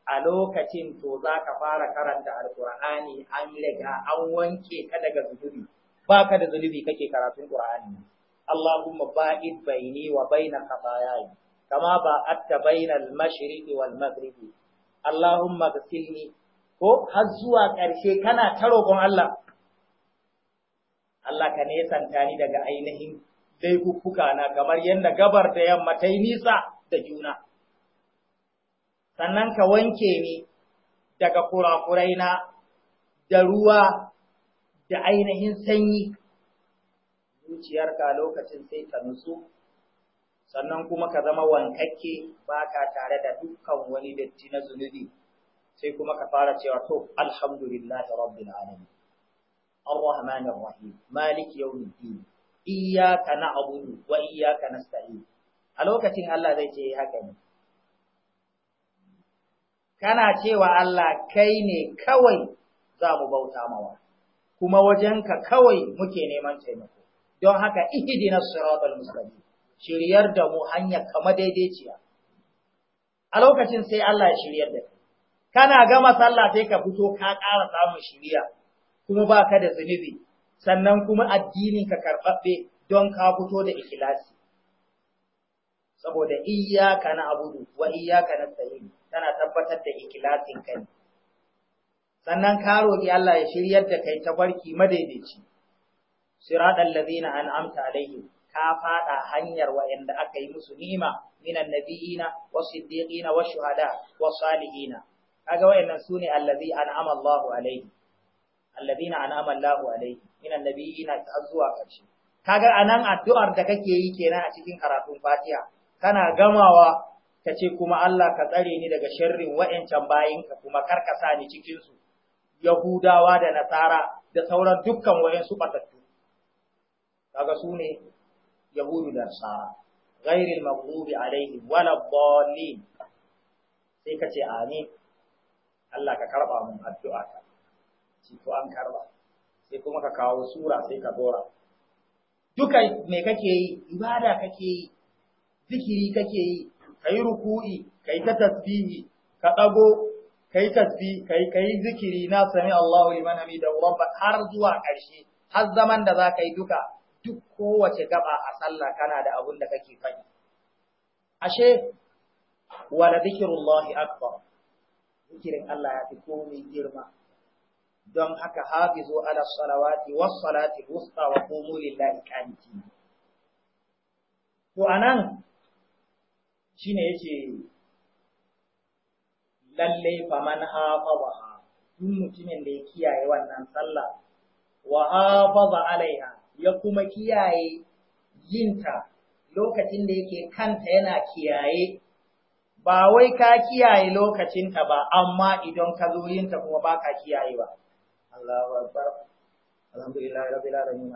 a lokacin to za ka fara karanta alkur'ani an riga an wanke ka daga zunubi baka da zunubi kake karatun Qur'ani Allahumma ba'id baini wa baina khataayaya kama ba'adta baina al-mashriqi wal maghribi Allahumma ghsilni ko har zuwa ƙarshe kana ta rogon Allah Allah ka santa ni daga ainihin laifuka na kamar yadda gabar da yamma ta yi nisa da juna sannan ka wanke ni daga kurakuraina da ruwa da ainihin sanyi zuciyarka lokacin sai ta nutsu sannan kuma ka zama wankakke baka tare da dukkan wani datti na zunubi sai kuma ka fara cewa to alhamdulillahi rabbil alamin الرحمن الرحيم مالك yawmiddin iyyaka na'budu wa iyyaka nasta'in a lokacin Allah zai ce eh, haka ne. Kana cewa Allah kai ne kawai za mu bauta mawa, kuma wajen ka kawai muke neman taimako don haka ihdina siratal mustaqim shiryar da mu hanya kama daidaiciya a lokacin sai Allah ya shiryar da kai kana gama sallah sai ka fito ka ƙara samun shiriya kuma baka da zunubi sannan kuma addinin ka karɓaɓɓe don ka fito da ikhlasi saboda iyyaka na abudu wa iyyaka nasta'in tana tabbatar da ikhlasin kai sannan ka roƙi Allah ya shiryar da kai barki madaidaici siratal ladina an'amta alaihim ka fada hanyar wayanda aka yi musu ni'ima minan nabiyina wasiddiqina washuhada wasalihina salihina kaga wayannan sune allazi an'ama Allahu alaihi allazina an'ama Allahu alaihi minan nabiyina ta zuwa ƙarshe kaga anan addu'ar da kake yi kenan a cikin karatun Fatiha kana gamawa kace ce kuma Allah ka tsare ni daga sharrin wa'ancan bayinka kuma karkasa ni cikinsu Yahudawa da Nasara da sauran dukkan wayansu batattu. Kaga su ne Yahudu da Nasara, ghairil maghdubi alaihi wala dhalin. Sai ka ce amin. Allah ka karba mun addu'a ka. Shi ko an karba. Sai kuma ka kawo sura sai ka dora. Duka me kake yi, ibada kake yi, zikiri kake yi, kai ruku'i, kai ta tasbihi, ka ɗago kai tasbi kai kai zikiri na sami Allahu liman hamida rabba har zuwa ƙarshe har zaman da za ka yi duka duk kowace gaba a sallah kana da abun da kake faɗi ashe wala zikrullahi akbar zikirin Allah ya fi komai girma don haka hafizu ala salawati was salati wusta wa qumu lillahi qanitin to anan shine yace lallai man hafaza duk mutumin da ya kiyaye wannan sallah wa hafaza alaiha ya kuma kiyaye yinta lokacin da yake kanta yana kiyaye ba wai ka kiyaye lokacinta ba amma idan ka zo yinta kuma baka ka kiyaye ba Allahu akbar alhamdulillahi rabbil alamin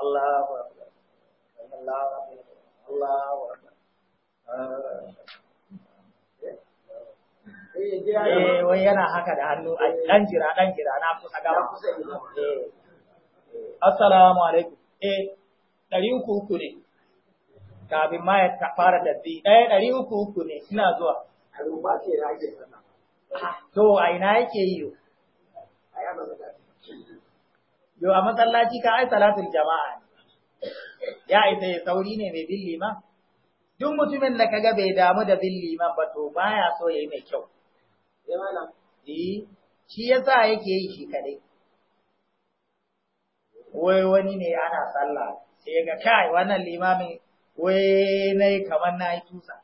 Allahu Akbar eh, eh, eh, eh wai yana haka da hannu a ɗan jira ɗan jira na kusa gaba Assalamu alaikum eh ɗari uku uku ne kafin ma ya fara tafi ɗaya ɗari uku uku ne ina zuwa to a ina yake yi Yau a masallaci ka ai salatul jama'a Ya isa ya sauri ne mai bin liman. Duk mutumin da kaga bai damu da bin liman ba to baya so yayi mai kyau. Eh, eh shi yasa yake yi shi kadai. Wai wani ne ana sallah sai ga kai wannan limami wai nai kamar na tusa.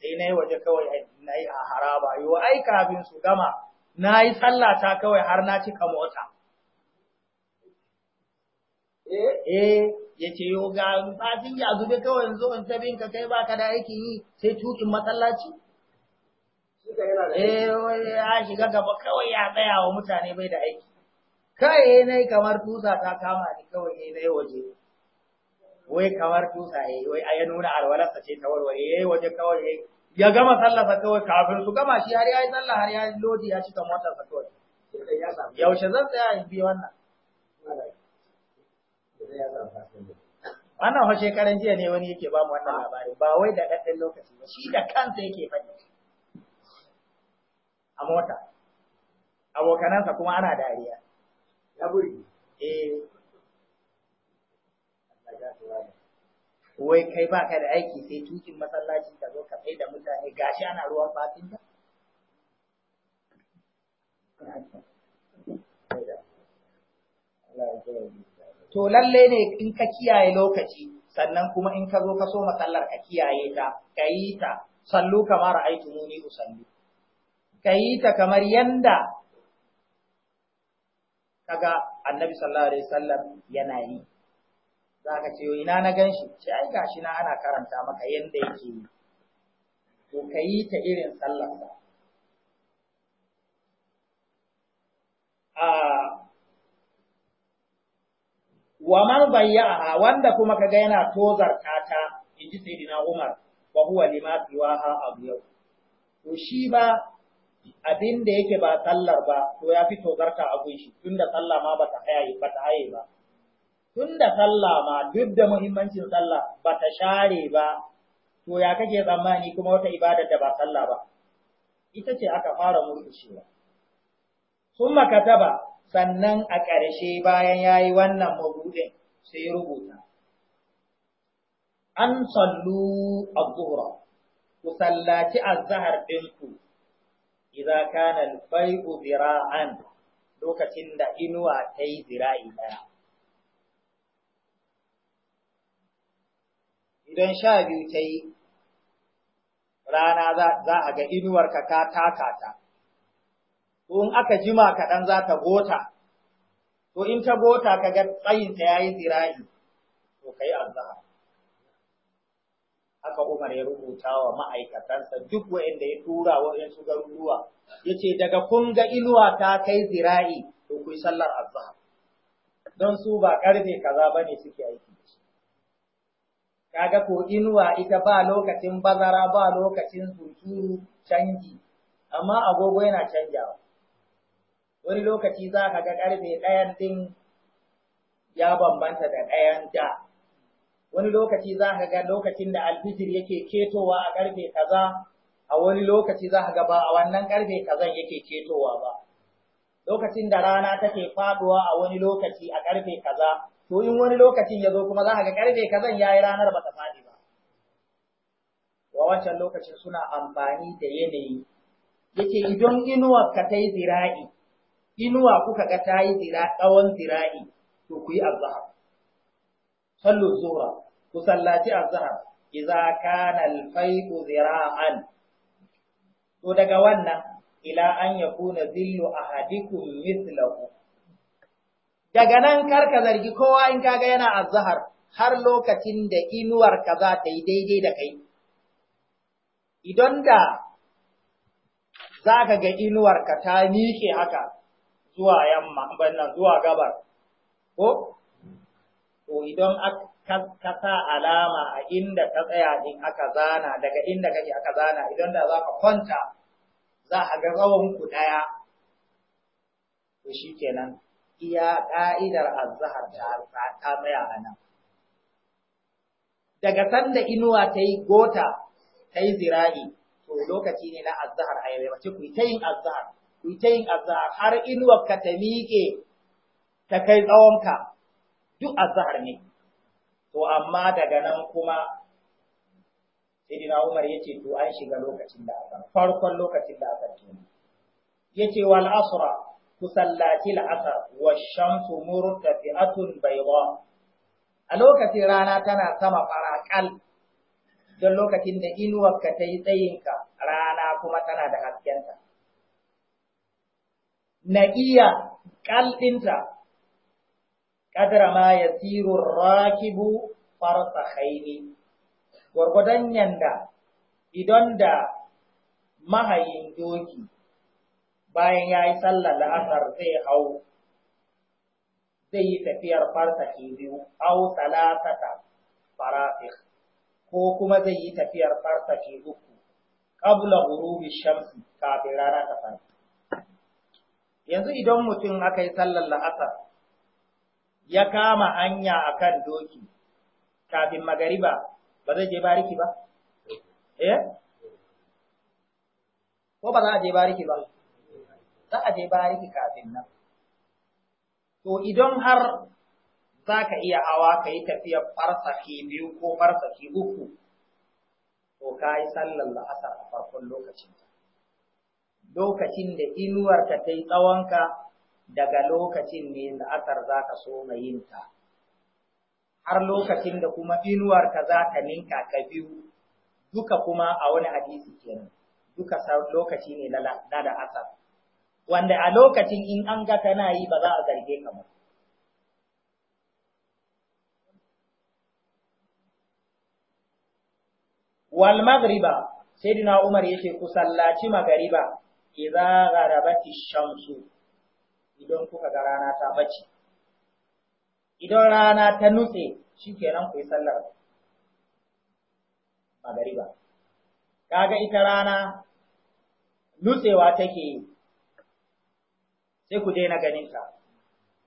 sai na waje kawai na a haraba yo ai kafin su gama nayi yi sallata kawai har na cika mota Eh? eh, ya ce yau ga fatin ya zube kawai yanzu in ta binka kai ba ka da aikin yi sai tukin masallaci. Eh, ya shiga gaba kawai ya tsaya wa mutane bai da aiki. Kai eh, nai kamar tusa ta kama ni kawai ne eh, nai waje. Wai kamar tusa ya wai a ya nuna alwalarsa ce ta warware ya yi waje kawai ya gama sallarsa kawai kafin su gama shi har ya yi sallah har ya lodi ya cika motarsa kawai. Yaushe zan tsaya in bi wannan? Wannan fa shekaran jiya ne wani yake ba mu wannan labarin ba wai da ɗaɗɗin lokaci ba shi da kansa yake faɗi a mota. Abokanansa kuma ana dariya. Ya buri. Eh. Wai kai ba ka da aiki sai tukin masallaci ka zo ka sai da mutane gashi ana ruwan fatin ka? Allah ya to lalle ne in ka kiyaye lokaci sannan kuma in ka zo ka so matsalar ka kiyaye ta ka yi ta sallu kamar aitumuni usalli ka yi ta kamar yanda kaga annabi sallallahu alaihi wasallam yana yi zaka ce ina na ganshi ce ai gashi na ana karanta maka yanda yake yi to ka yi ta irin sallar sa ah, wa man bayya'aha wanda kuma kaga yana tozarta ta inji sayyidina Umar wa huwa lima siwaha yau. to shi ba abin da yake ba sallar ba to ya fi tozarta abu shi tunda sallah ma bata haye ta haye ba tunda sallah ma duk da muhimmancin sallah bata share ba to ya kake tsammani kuma wata ibadar da ba sallah ba ita ce aka fara murkushewa summa kataba sannan a ƙarshe bayan ya yi wannan mabuɗin sai ya rubuta. An sallu a zuhra, ku sallaci a zahar ɗinku, iza kana ku zira'an lokacin da inuwa ta yi zira'i ɗaya. Idan sha biyu ta yi, rana za a ga inuwarka ka taka ta. to in aka jima kaɗan za ta gota, to in ta gota ka ga tsayinta ya yi zira'i, to ka yi azahar. Haka Umar ya rubuta wa ma'aikatansa duk wa'inda ya tura waɗansu garuruwa, ya ce daga kun ga inuwa ta kai zira'i, to ku sallar azahar. Don su ba karfe kaza ba ne suke aiki Kaga ko inuwa ita ba lokacin bazara ba lokacin hunturu canji, amma agogo yana canjawa. wani lokaci za ka ga karfe ɗayan ɗin ya bambanta da ɗayan da wani lokaci za ka ga lokacin da alfijir yake ketowa a karfe kaza a wani lokaci za ka ga ba a wannan karfe kazan yake ketowa ba lokacin da rana take faduwa a wani lokaci a karfe kaza to in wani lokacin ya zo kuma za ka ga karfe kazan yi ranar ba ta faɗi ba wa wancan lokacin suna amfani da yanayi yake idan inuwar ka ta yi zira'i inuwa kuka ga ta yi dira tsawon zira'i to ku yi azhar sallu zuhra ku sallaci azhar idza kana al-faydu zira'an to daga wannan ila an yakuna zillu ahadikum mithlahu daga nan kar ka zargi kowa in kaga yana azhar har lokacin da inuwar ka za ta yi daidai da kai idan da za ka ga inuwar ka ta miƙe haka zuwa yamma banna zuwa gabar ko to idan aka sa alama a inda ka tsaya din aka zana daga inda kake aka zana idan da za ka kwanta za a ga rawan ku daya to shikenan iya ka'idar azhar ta ta tsaya a nan daga sanda inuwa ta yi gota ta yi zira'i to lokaci ne na azhar a yau mace ku ta yin azhar ku ta yin azhar har inuwar ka ta miƙe ta kai tsawonka duk azhar ne to amma daga nan kuma Idina Umar yace to an shiga lokacin da asar farkon lokacin da asar Ya yace wal asra kusallaci al'asar wa shamsu murtafi'atun bayda a lokacin rana tana sama farakal don lokacin da ka ta yi tsayinka rana kuma tana da haskenta na iya ƙalɗinta ƙadar ma ya tsirun rakibu farsa haini, gwargwadon yanda idan da mahayin doki bayan ya yi sallar la'asar zai hau zai yi tafiyar farsaki biyu, au talatata farafik, ko kuma zai yi tafiyar farsaki uku, ƙabla hurubi shamsi kafin rana ta fara. yanzu idan mutum aka yi sallar la'asar ya kama hanya kan doki kafin magariba ba zai je bariki ba? Eh? Ko ba za a je bariki ba? Za a je bariki kafin nan. To idan har za ka iya hawa ka yi farsa farsaki biyu ko farsaki uku, to ka yi sallar la'asar a farkon lokacin. lokacin da inuwarka ta yi tsawonka daga lokacin ne da asar za ka so mayinta har lokacin da kuma inuwarka za ka ninka ka biyu duka kuma a wani hadisi kenan duka lokaci ne na da asar. wanda a lokacin in an ga kana yi ba za a zarge ka ba wal magriba sai umar yace ku sallaci magariba idza gharabati shamsu idan kuka ga rana ta bace idan rana ta nutse shikenan ku yi sallar magariba kaga ita rana nutsewa take yi sai ku daina ta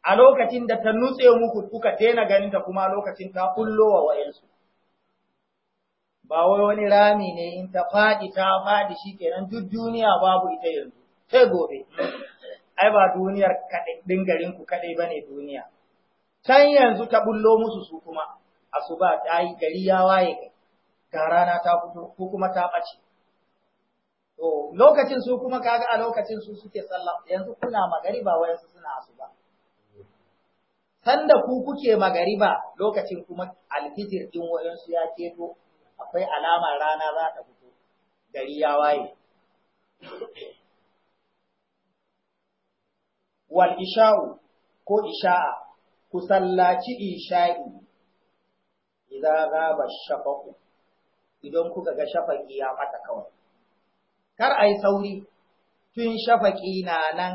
a lokacin da ta nutse muku kuka daina ganinta kuma lokacin ta kullowa wa ba wai wani rami ne in ta faɗi ta faɗi nan duk duniya babu ita yanzu sai gobe ai ba duniyar ɗin garin ku kaɗai ba ne duniya can yanzu ta bullo musu su kuma asuba ta yi gari ya waye ga rana ta fito ko kuma ta ɓace to lokacin su kuma kaga a lokacin su suke sallah yanzu kuna magari wai wayansu suna asuba sanda ku kuke magariba lokacin kuma alfijir din wayansu ya keto akwai alama rana za ta fito gari ya waye wal isha'u ko isha'a ku sallaci isha'i idza ghaba shafaqu idan kuka ga shafaqi ya mata kawai kar ai sauri tun shafaqi na nan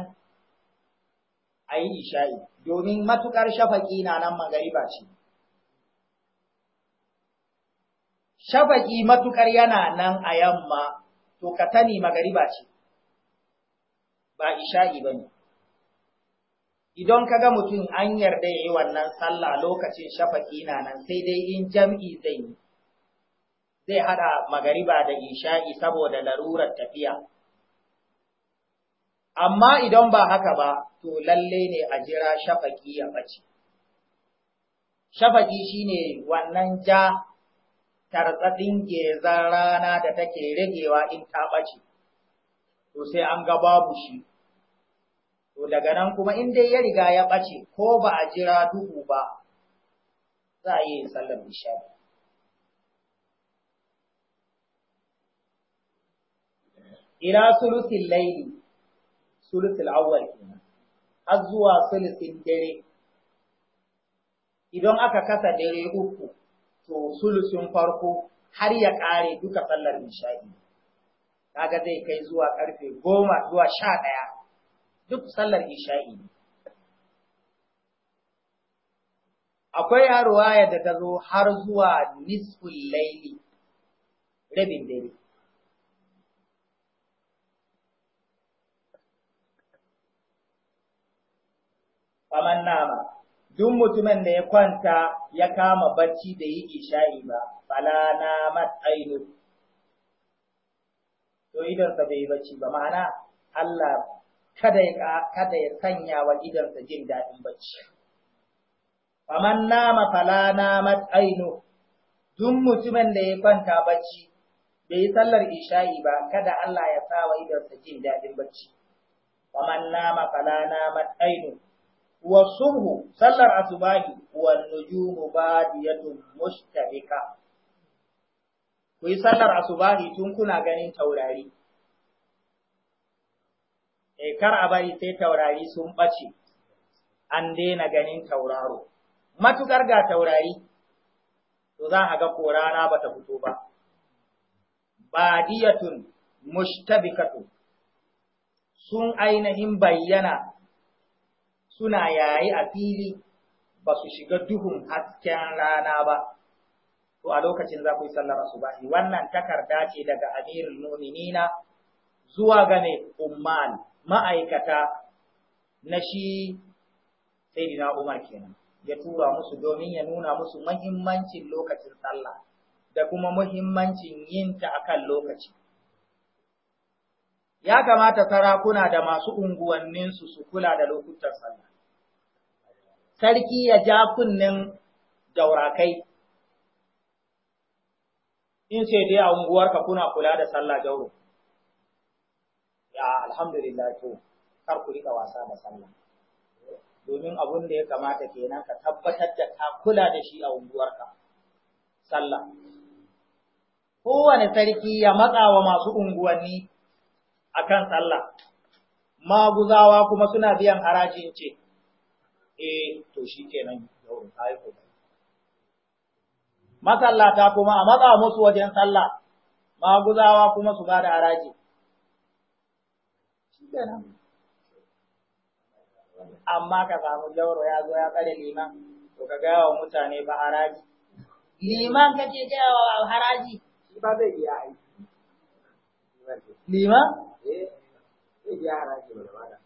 ai isha'i domin matukar shafaqi na nan magariba ce shafaki matuƙar yana nan a yamma to ka tani magariba ce ba isha'i bane idan kaga mutum an yarda yayi wannan sallah lokacin shafaki na nan sai dai in jam'i zai yi zai hada magariba da isha'i saboda larurar tafiya amma idan ba haka ba to lalle ne a jira shafaki ya bace shafaki shine wannan ja tartsatsin gezan rana da take ragewa in ta ɓace, to sai an ga babu shi. To daga nan kuma in dai ya riga ya ɓace ko ba a jira duhu ba, za a yi sallar nishadi. Ila sulusin laili, sulusin awwal kenan, har zuwa sulusin dare, idan aka kasa dare uku, to sulusun farko har ya ƙare duka sallar nishaɗi. Kaga zai kai zuwa ƙarfe goma zuwa sha ɗaya duk sallar nishaɗi. Akwai haruwaya da ta zo har zuwa nisful laili, rabin dare. Faman nama. duk mutumin da ya kwanta ya kama bacci da yi isha'i ba, fala na matsayinu. to idonsa bai yi bacci ba, ma'ana Allah kada ya sanya wa idonsa jin daɗin bacci. Faman nama fala na matsayinu, duk mutumin da ya kwanta bacci bai yi sallar isha'i ba, kada Allah ya sa wa idonsa jin daɗin bacci. Faman nama fala na matsayinu, wa subhu sallar asubahi wa nujumu badiyatun mushtabika ku yi sallar asubahi tun kuna ganin taurari eh, kar a bari sai taurari sun ɓace an daina ganin tauraro matukar ga taurari to za a ga ko rana bata fito ba badiyatun mushtabikatu sun ainihin bayyana suna yayi a fili ba su shiga duhun hasken rana ba to a lokacin za ku yi sallar asubahi wannan takarda ce daga amirul mu'minina zuwa ga ne umman ma'aikata na shi sayyidina Umar kenan ya tura musu domin ya nuna musu muhimmancin lokacin sallah da kuma muhimmancin yin ta akan lokaci ya kamata sarakuna da masu unguwanninsu su kula da lokutan sallah sarki ya ja kunnen daurakai in ce dai a unguwarka kuna kula da sallah jauro ya alhamdulillah to kar ku rika wasa da sallah domin abun da ya kamata kenan ka tabbatar da ka kula da shi a unguwarka sallah kowane sarki ya matsa wa masu unguwanni akan sallah maguzawa kuma suna biyan harajin ce eh to shi kenan yawon kayi kokari masallata kuma a matsa musu wajen sallah maguzawa kuma su ba da haraji shi kenan amma ka samu jauro ya zo ya tsare liman to ka gaya wa mutane ba haraji liman kake gaya wa haraji shi ba zai iya aiki liman? Eh, zai iya haraji ba da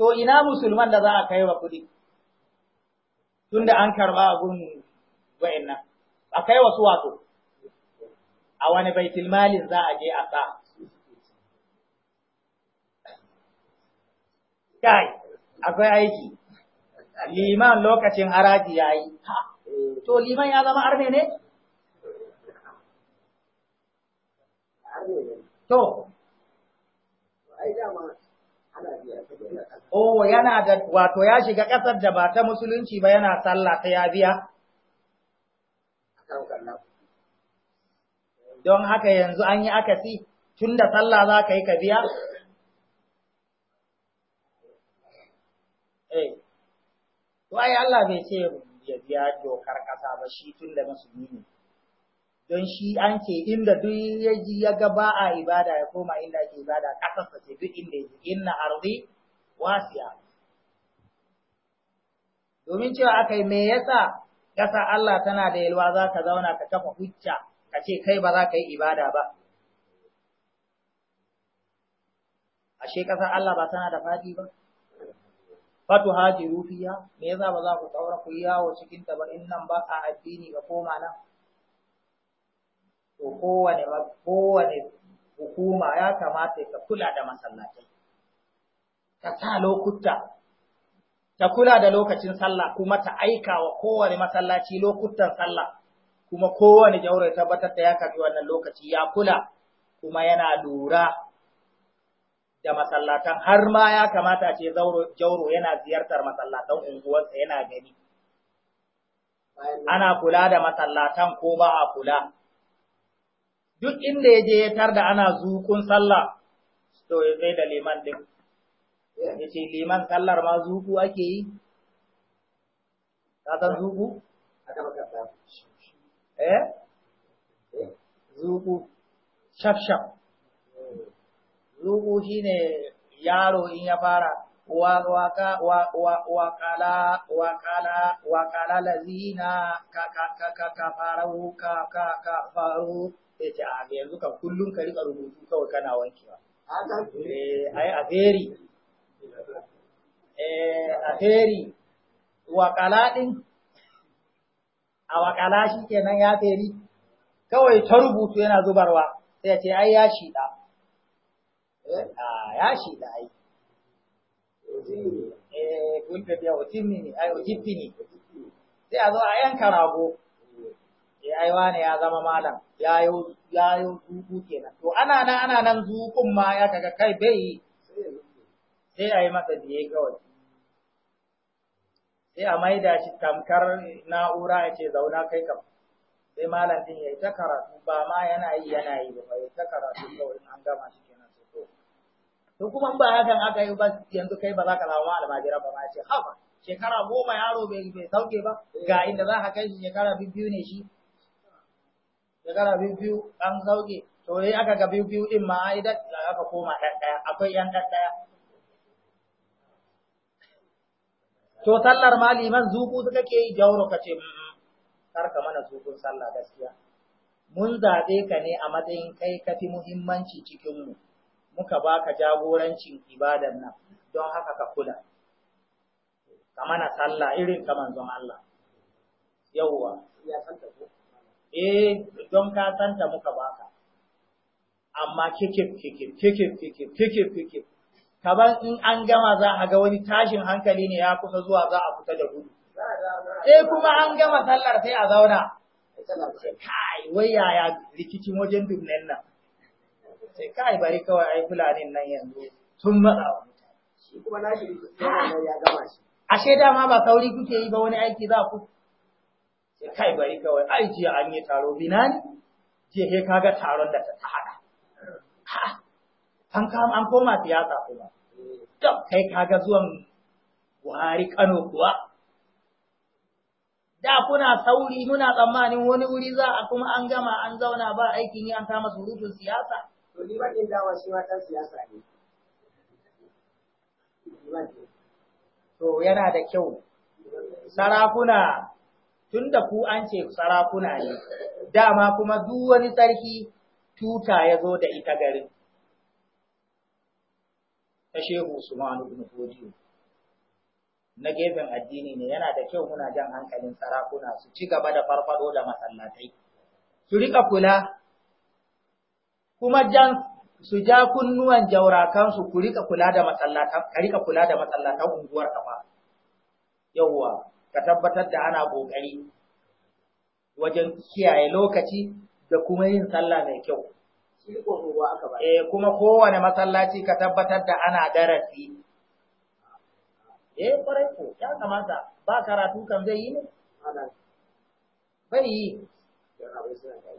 to ina musulman da za a kai wa kuɗi da an karba a gurin nan, a kai wa su wato a wani baitul malin za a je a sa kai akwai aiki liman lokacin haraji yayi to liman ya zama arme ne to ai dama oh yana da wato ya shiga ƙasar da ba ta musulunci ba yana sallah ta ya biya? Don haka yanzu an yi akasi tun da sallah za ka yi ka biya? Eh, ai Allah bai ce ya biya dokar ƙasa ba shi tun da musulmi ne. Don shi an ce inda duk ya ji ya ga ba a ibada ya koma inda ake ibada ƙasarsa ce duk inda ya ji inna arzi wasiya domin cewa aka yi me yasa ƙasa Allah tana da yalwa za ka zauna ka kafa hujja ka ce kai ba za ka yi ibada ba ashe ƙasar Allah ba tana da faɗi ba fatu haji rufiya me yasa ba za ku tsaura ku yawo cikin ta ba in nan ba a addini ba koma nan to kowane kowane hukuma ya kamata ka kula da masallatai ta sa lokuta, ta kula da lokacin sallah kuma ta aika wa kowane masallaci lokutan sallah, kuma kowane jaure tabbatar da ya kafi wannan lokaci ya kula kuma yana lura da masallatan har ma ya kamata ce jauro yana ziyartar masallatan unguwarsa yana gani. Ana kula da masallatan ko ba a kula. duk inda ya je ya tar da ana zukun sallah to ya da liman din ya ce liman kallar ma zuku ake yi ka san zuku eh zuku shaf shaf shi ne yaro in ya fara waƙala, wakala lazina ka ka ka ka faru ce a yanzu kan kullum ka rika rubutu kawai kana wankewa ai eh, a beri eh a wa qaladin a wakala shi kenan ya feri kawai ta rubutu yana zubarwa sai ce ai ya shi eh a ya da ai eh kun tafiya otimi ne ai otipi ne sai a zo a yanka rago eh ai wane ya zama malam ya yi ya yi zuku kenan to ana nan ana nan zukun ma ya kaga kai bai sai a yi masa biye kawai sai a maida shi tamkar na'ura ya ce zauna kai kam sai malam din ya yi ta karatu ba ma yana yi yana yi ba ya ta karatu kawai an gama shi kenan sai to to kuma ba hakan aka yi ba yanzu kai ba za ka zama almajira ba ma ce haba shekara goma yaro bai bai sauke ba ga inda za ka kai shi shekara biyu ne shi shekara biyu an sauke to yi aka ga biyu din ma ai da aka koma ɗan ɗaya akwai yan ɗan ɗaya to sallar ma liman zuku suka ke yi kace kar ka mana zukun sallah gaskiya mun zaɓe ka ne a matsayin kai ka fi muhimmanci cikinmu muka baka jagorancin ibadar nan don haka ka kula ka mana sallah irin ka manzon Allah yauwa eh don ka santa muka baka amma kike kike kike kike kike kike kaban in an gama za a ga wani tashin hankali ne ya kusa zuwa za a fita da gudu sai eh, kuma an gama sallar sai a zauna kai wai yaya rikicin wajen dubnen nan sai kai bari kawai ai fulanin nan yanzu sun matsa shi kuma nashi ya gama shi ashe ma ba sauri kuke yi ba wani aiki za ku sai kai bari kawai ai jiya an yi taro binani je kai kaga taron da ta Ha, an kama an koma siyasa kuma to kai kaga zuwan Buhari Kano kuwa da kuna sauri muna tsammanin wani wuri za a kuma an gama an zauna ba aikin yi an kama surutun siyasa to ni dawa shi ma dan siyasa ne to yana da kyau sarakuna tunda ku an ce sarakuna ne dama kuma duk wani sarki tuta ya zo da ita garin ta shehu Usman ibn Fodiyo na gefen addini ne yana da kyau muna jan hankalin sarakuna su ci gaba da farfado da masallatai su rika kula kuma jan su ja kunnuwan jaurakansu ku rika kula da masallatan ka rika kula da masallatan unguwar ka fa yawwa ka tabbatar da ana kokari wajen kiyaye lokaci da kuma yin sallah mai kyau Eh kuma kowane masallaci ka tabbatar da ana darasi. Eh kwarai ko ya kamata ba karatu kan zai yi ne? Bai yi.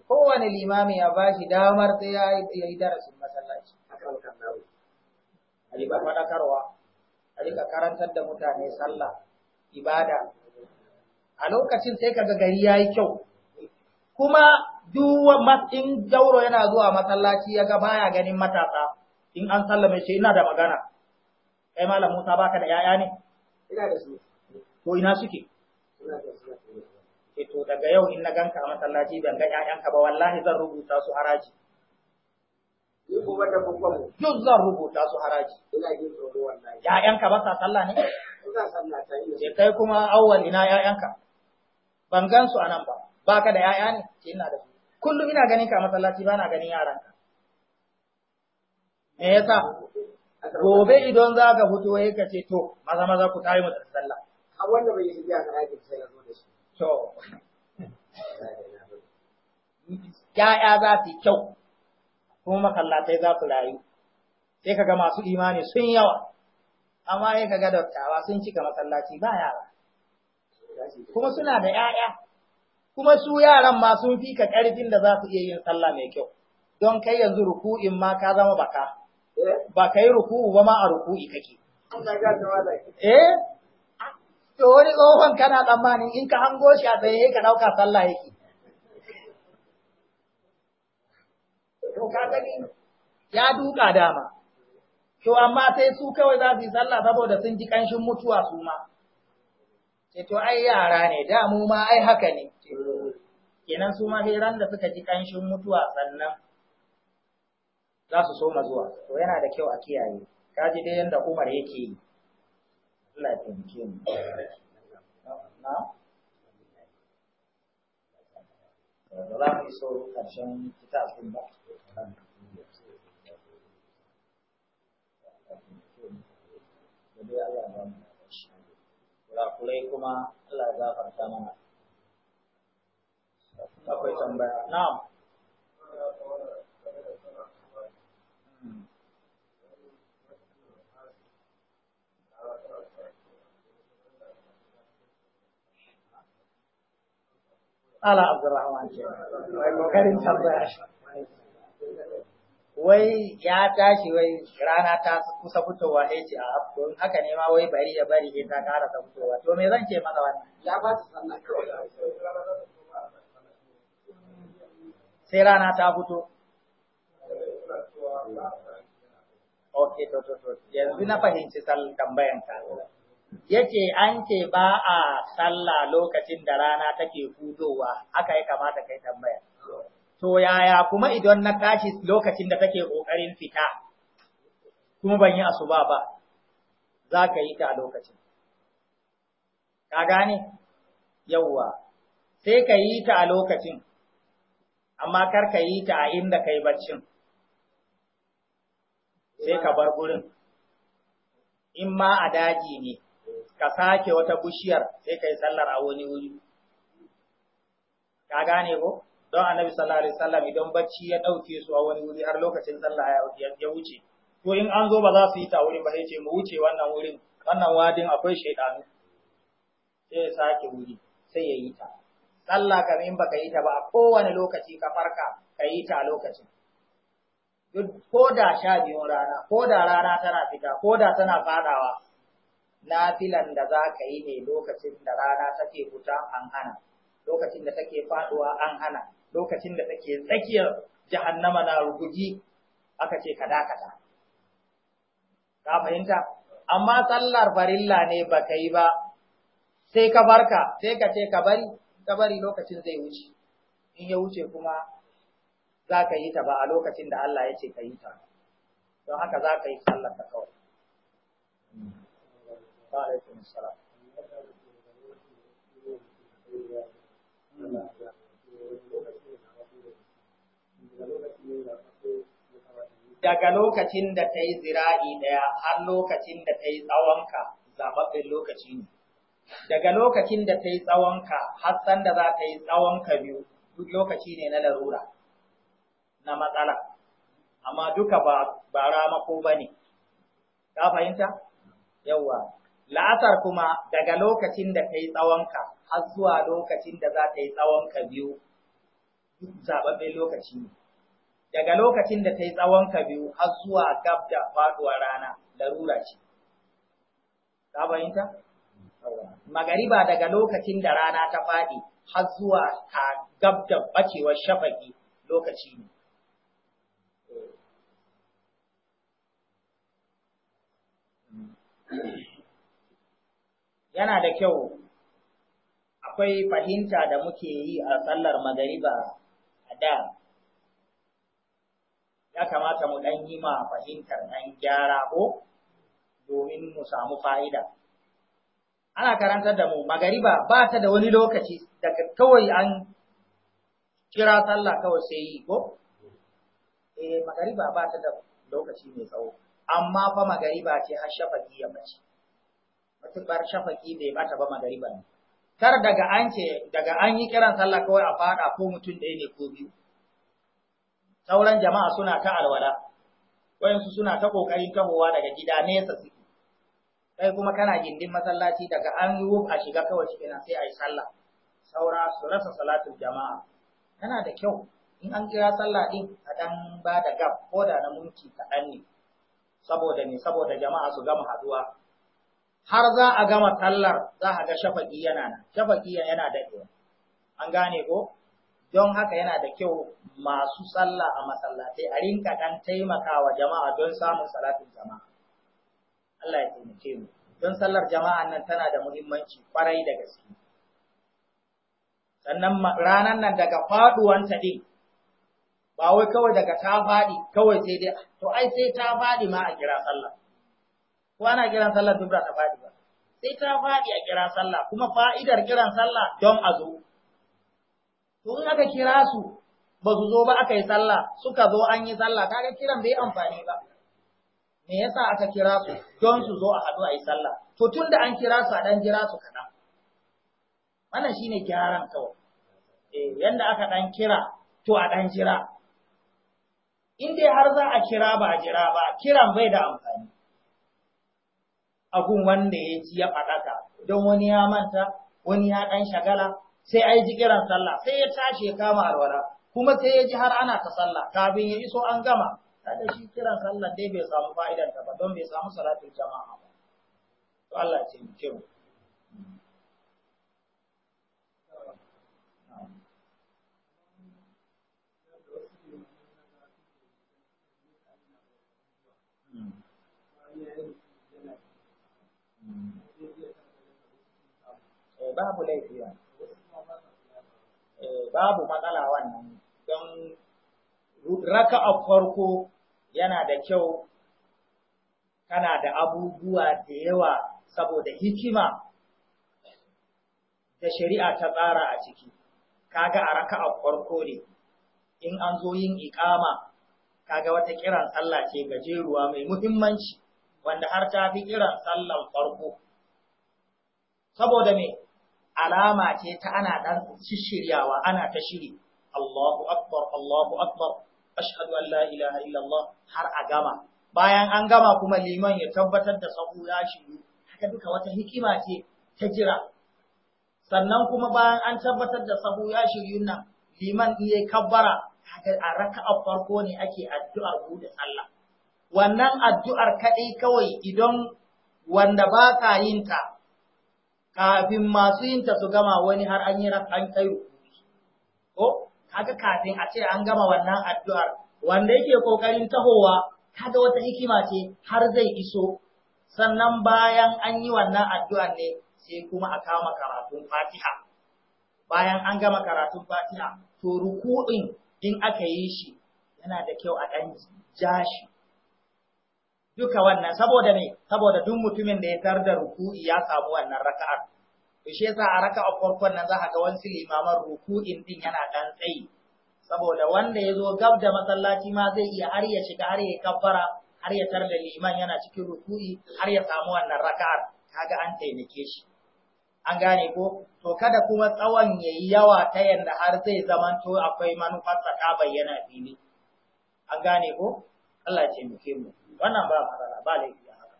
Kowane limami ya ba shi damar sai ya yi darasin masallaci. Ali ba faɗakarwa, Ali ka karantar da mutane sallah, ibada. A lokacin sai ka ga gari ya yi kyau. Kuma duk in jauro yana zuwa masallaci ya ga baya ganin matasa in an sallame shi ina da magana kai malam Musa baka da yaya ne ina da su ko ina suke eh, to daga yau in na ganka a masallaci ban ga yayanka ba wallahi zan rubuta su haraji Yau zan rubuta su haraji. ‘Ya'yanka ba sa sallah ne? Ce eh, kai kuma awwal ina ‘ya'yanka, ban gan su a nan ba, ba ka da ‘ya'ya ne, ina da su. kullum ina ganin ka masallaci ba na ganin yaran ka me yasa gobe idan za ka fito yayin ka ce to maza maza ku tayi mutar sallah a wanda bai yi ya karaje sai ya zo da shi to ya'ya za su kyau kuma makallatai za su rayu sai kaga masu imani sun yawa amma sai kaga dattawa sun cika masallaci ba yara kuma suna da 'ya'ya. kuma su yaran ma sun fi ka ƙarfin da za su iya yin sallah mai kyau don kai yanzu ruku'in ma ka zama baka ba kai eh, ruku'u ba ma a ruku'i kake eh to wani tsohon kana tsammanin in ka hango shi a tsaye ka ɗauka sallah yake to ka gani ya duka dama to amma sai su kawai za su yi sallah saboda sun ji ƙanshin mutuwa su ma ce to ai yara ne da mu ma ai haka ne kenan su ma da suka ji kanshin mutuwa sannan za su so zuwa to yana da kyau a kiyaye kaji ji dai yanda Umar yake yi Allah ya taimake mu na da mu kitabun ba kurakurai kuma Allah ya gafarta mana akwai tambaya na'am Ala Abdurrahman ce, mai kokarin tambaya shi. wai ya tashi wai rana ta kusa fitowa ya ce a to haka ne ma wai bari ya bari ya ta ƙara ta fitowa to me zan ce masa wannan ya ba su sanna kawai sai rana ta fito ok to to to yanzu na fahimci tambayan ka yace an ce ba a sallah lokacin da rana take fitowa haka ya kamata kai tambaya to yaya kuma idan na tashi lokacin da take ƙoƙarin fita kuma ban yi asuba ba za ka yi ta a lokacin ka gane yawwa sai ka yi ta a lokacin amma kar ka yi ta a inda kai baccin sai ka bar gurin in ma a daji ne ka sake wata bushiyar sai ka yi sallar a wani wuri ka gane ko don annabi sallallahu alaihi wasallam idan bacci ya dauke su a wani wuri har lokacin sallah ya wuce to in an zo ba za su yi ta wurin ba sai ce mu wuce wannan wurin wannan wadin akwai shaytanu sai ya sake wuri sai ya yi ta sallah kam in baka yi ta ba a kowane lokaci ka farka ka yi ta a lokacin ko da sha biyun rana ko da rana tana fita ko da tana fadawa Na filan da za ka yi ne lokacin da rana take fita an hana lokacin da take faduwa an hana lokacin da take tsakiyar jahannama na rugugi aka ce ka dakata ka fahimta amma sallar farilla ne ba ka yi ba sai ka barka sai ka ce ka bari ka bari lokacin zai wuce in ya wuce kuma za ka yi ta ba a lokacin da Allah ya ce ka yi ta don haka za ka yi sallar ta kawai Thank daga lokacin da ta yi zira'i ɗaya har lokacin da ta yi tsawonka zaɓaɓɓen lokaci ne. Daga lokacin da ta yi tsawonka har san da za ta yi tsawonka biyu duk lokaci ne na larura, na matsala, amma duka ba, ba ramako ba ne. Ka fahimta? Yawwa. La'asar kuma daga lokacin da ta yi tsawonka har zuwa lokacin da za ta yi tsawonka biyu duk zaɓaɓɓen lokaci ne. daga lokacin da ta yi tsawon ka biyu har zuwa gab da faduwar rana rura ce magariba daga lokacin da rana ta faɗi har zuwa ka gab da bacewar shafaki lokaci ne yana da kyau akwai fahimta da muke yi a sallar magariba a da ya kamata mu ɗan yi ma fahimtar nan gyara ko domin mu samu fa'ida. Ana karantar da mu magariba ba ta da wani lokaci daga kawai an kira sallah kawai sai yi ko? Eh magariba ba ta da lokaci mai tsawo, amma fa magariba ce har shafaki ya mace. Matuƙar shafaki bai bata ba magariba ne. Kar daga an ce daga an yi kiran sallah kawai a faɗa ko mutum ɗaya ne ko biyu. sauran jama'a suna ta alwala wayansu suna ta kokarin tahowa daga gida nesa suke kai kuma kana gindin masallaci daga an yi a shiga kawai kenan sai ayi sallah saura su rasa salatul jama'a yana da kyau in an kira sallah din a dan ba da gab ko da na minti kaɗan ne saboda ne saboda jama'a su gama haduwa har za a gama sallar za a ga shafaqi yana nan shafaqi yana daɗewa an gane ko don haka yana da kyau masu sallah a masallatai a rinka dan taimakawa jama'a don samun salatin jama'a Allah ya taimake mu don sallar jama'a nan tana da muhimmanci kwarai da gaske sannan ranar nan daga ta din ba wai kawai daga ta faɗi kawai sai dai to ai sai ta faɗi ma a kira sallah ko ana kiran sallah dubra ta faɗi ba sai ta faɗi a kira sallah kuma fa'idar kiran sallah don a zo to in aka kira su ba su zo ba aka yi sallah suka zo an yi sallah kaga kiran bai amfani ba me yasa aka kira su don su zo a hadu a yi sallah to tun da an kira su a ɗan jira su kaɗan wannan shine gyaran kawai eh yanda aka ɗan kira to a ɗan jira in dai har za a kira ba a jira ba kiran bai da amfani a gun wanda ya ci ya faɗaka don wani ya manta wani ya ɗan shagala sai ai ji kiran sallah sai ya tashi ya kama alwala kuma sai ya ji har ana ta sallah kafin ya iso an gama kada shi kiran sallah dai bai samu fa'idar ta ba don bai samu salatul jama'a ba to Allah ya taimake mu eh, babu laifi babu matsala wannan don a farko yana da kyau kana da abubuwa da yawa saboda hikima da shari'a ta tsara a ciki kaga a raka a farko ne in an zo yin ikama kaga wata kiran sallah ce gajeruwa mai muhimmanci wanda har ta fi kiran sallan farko saboda me alama ce ta ana ɗan shiryawa ana ta shiri Allahu akbar Allahu akbar ashhadu an la ilaha illallah har a gama bayan an gama kuma liman ya tabbatar da sahu ya shiru haka duka wata hikima ce ta jira sannan kuma bayan an tabbatar da sahu ya shiru nan liman iya kabbara haka a raka'a farko ne ake addu'ar bude sallah wannan addu'ar kadai kawai idan wanda baka ka yin ta kafin masu yin ta su gama wani har an yi rafan kai ko kaga kafin a ce an gama wannan addu'ar wanda yake kokarin tahowa kaga wata hikima ce har zai iso sannan bayan an yi wannan addu'ar ne sai kuma a kama karatun Fatiha bayan an gama karatun Fatiha to ruku'in in aka yi shi yana da kyau a ɗan jashi duka wannan saboda me saboda duk mutumin da ya tar da ruku'i ya samu wannan raka'a to shi yasa a raka'a farkon nan za ga wasu limaman ruku'in din yana dan tsayi saboda wanda ya zo gab da masallaci ma zai iya har ya shiga har ya kabbara har ya tar da liman yana cikin ruku'i har ya samu wannan raka'ar kaga an taimake shi an gane ko to kada kuma tsawon yayi yawa ta yanda har zai to akwai manufar ta bayyana fili an gane ko Allah ya taimake mu wannan ba matsala ba laifi a haka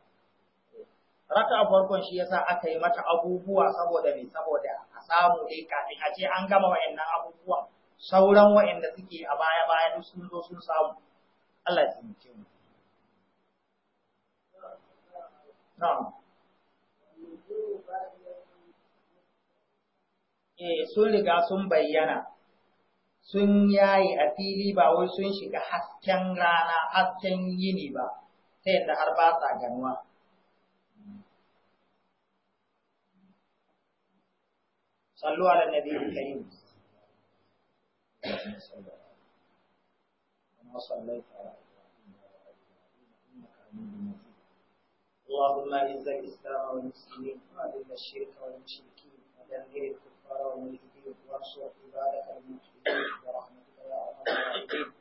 raka a farkon shi yasa aka yi mata abubuwa saboda me saboda a samu dai kafin a ce an gama wa'annan abubuwan sauran wa'anda suke a baya baya duk sun zo sun samu Allah ya tsinke mu na'am eh sun riga sun bayyana sun yayi a fili ba wai sun shiga hasken rana hasken yini ba ta yadda har ba sa ganuwa. Sallu ala nabi Karim. اللهم اعز الاسلام والمسلمين واذل الشرك والمشركين ودمر الكفار والملحدين وانصر عبادك الموحدين برحمتك يا ارحم الراحمين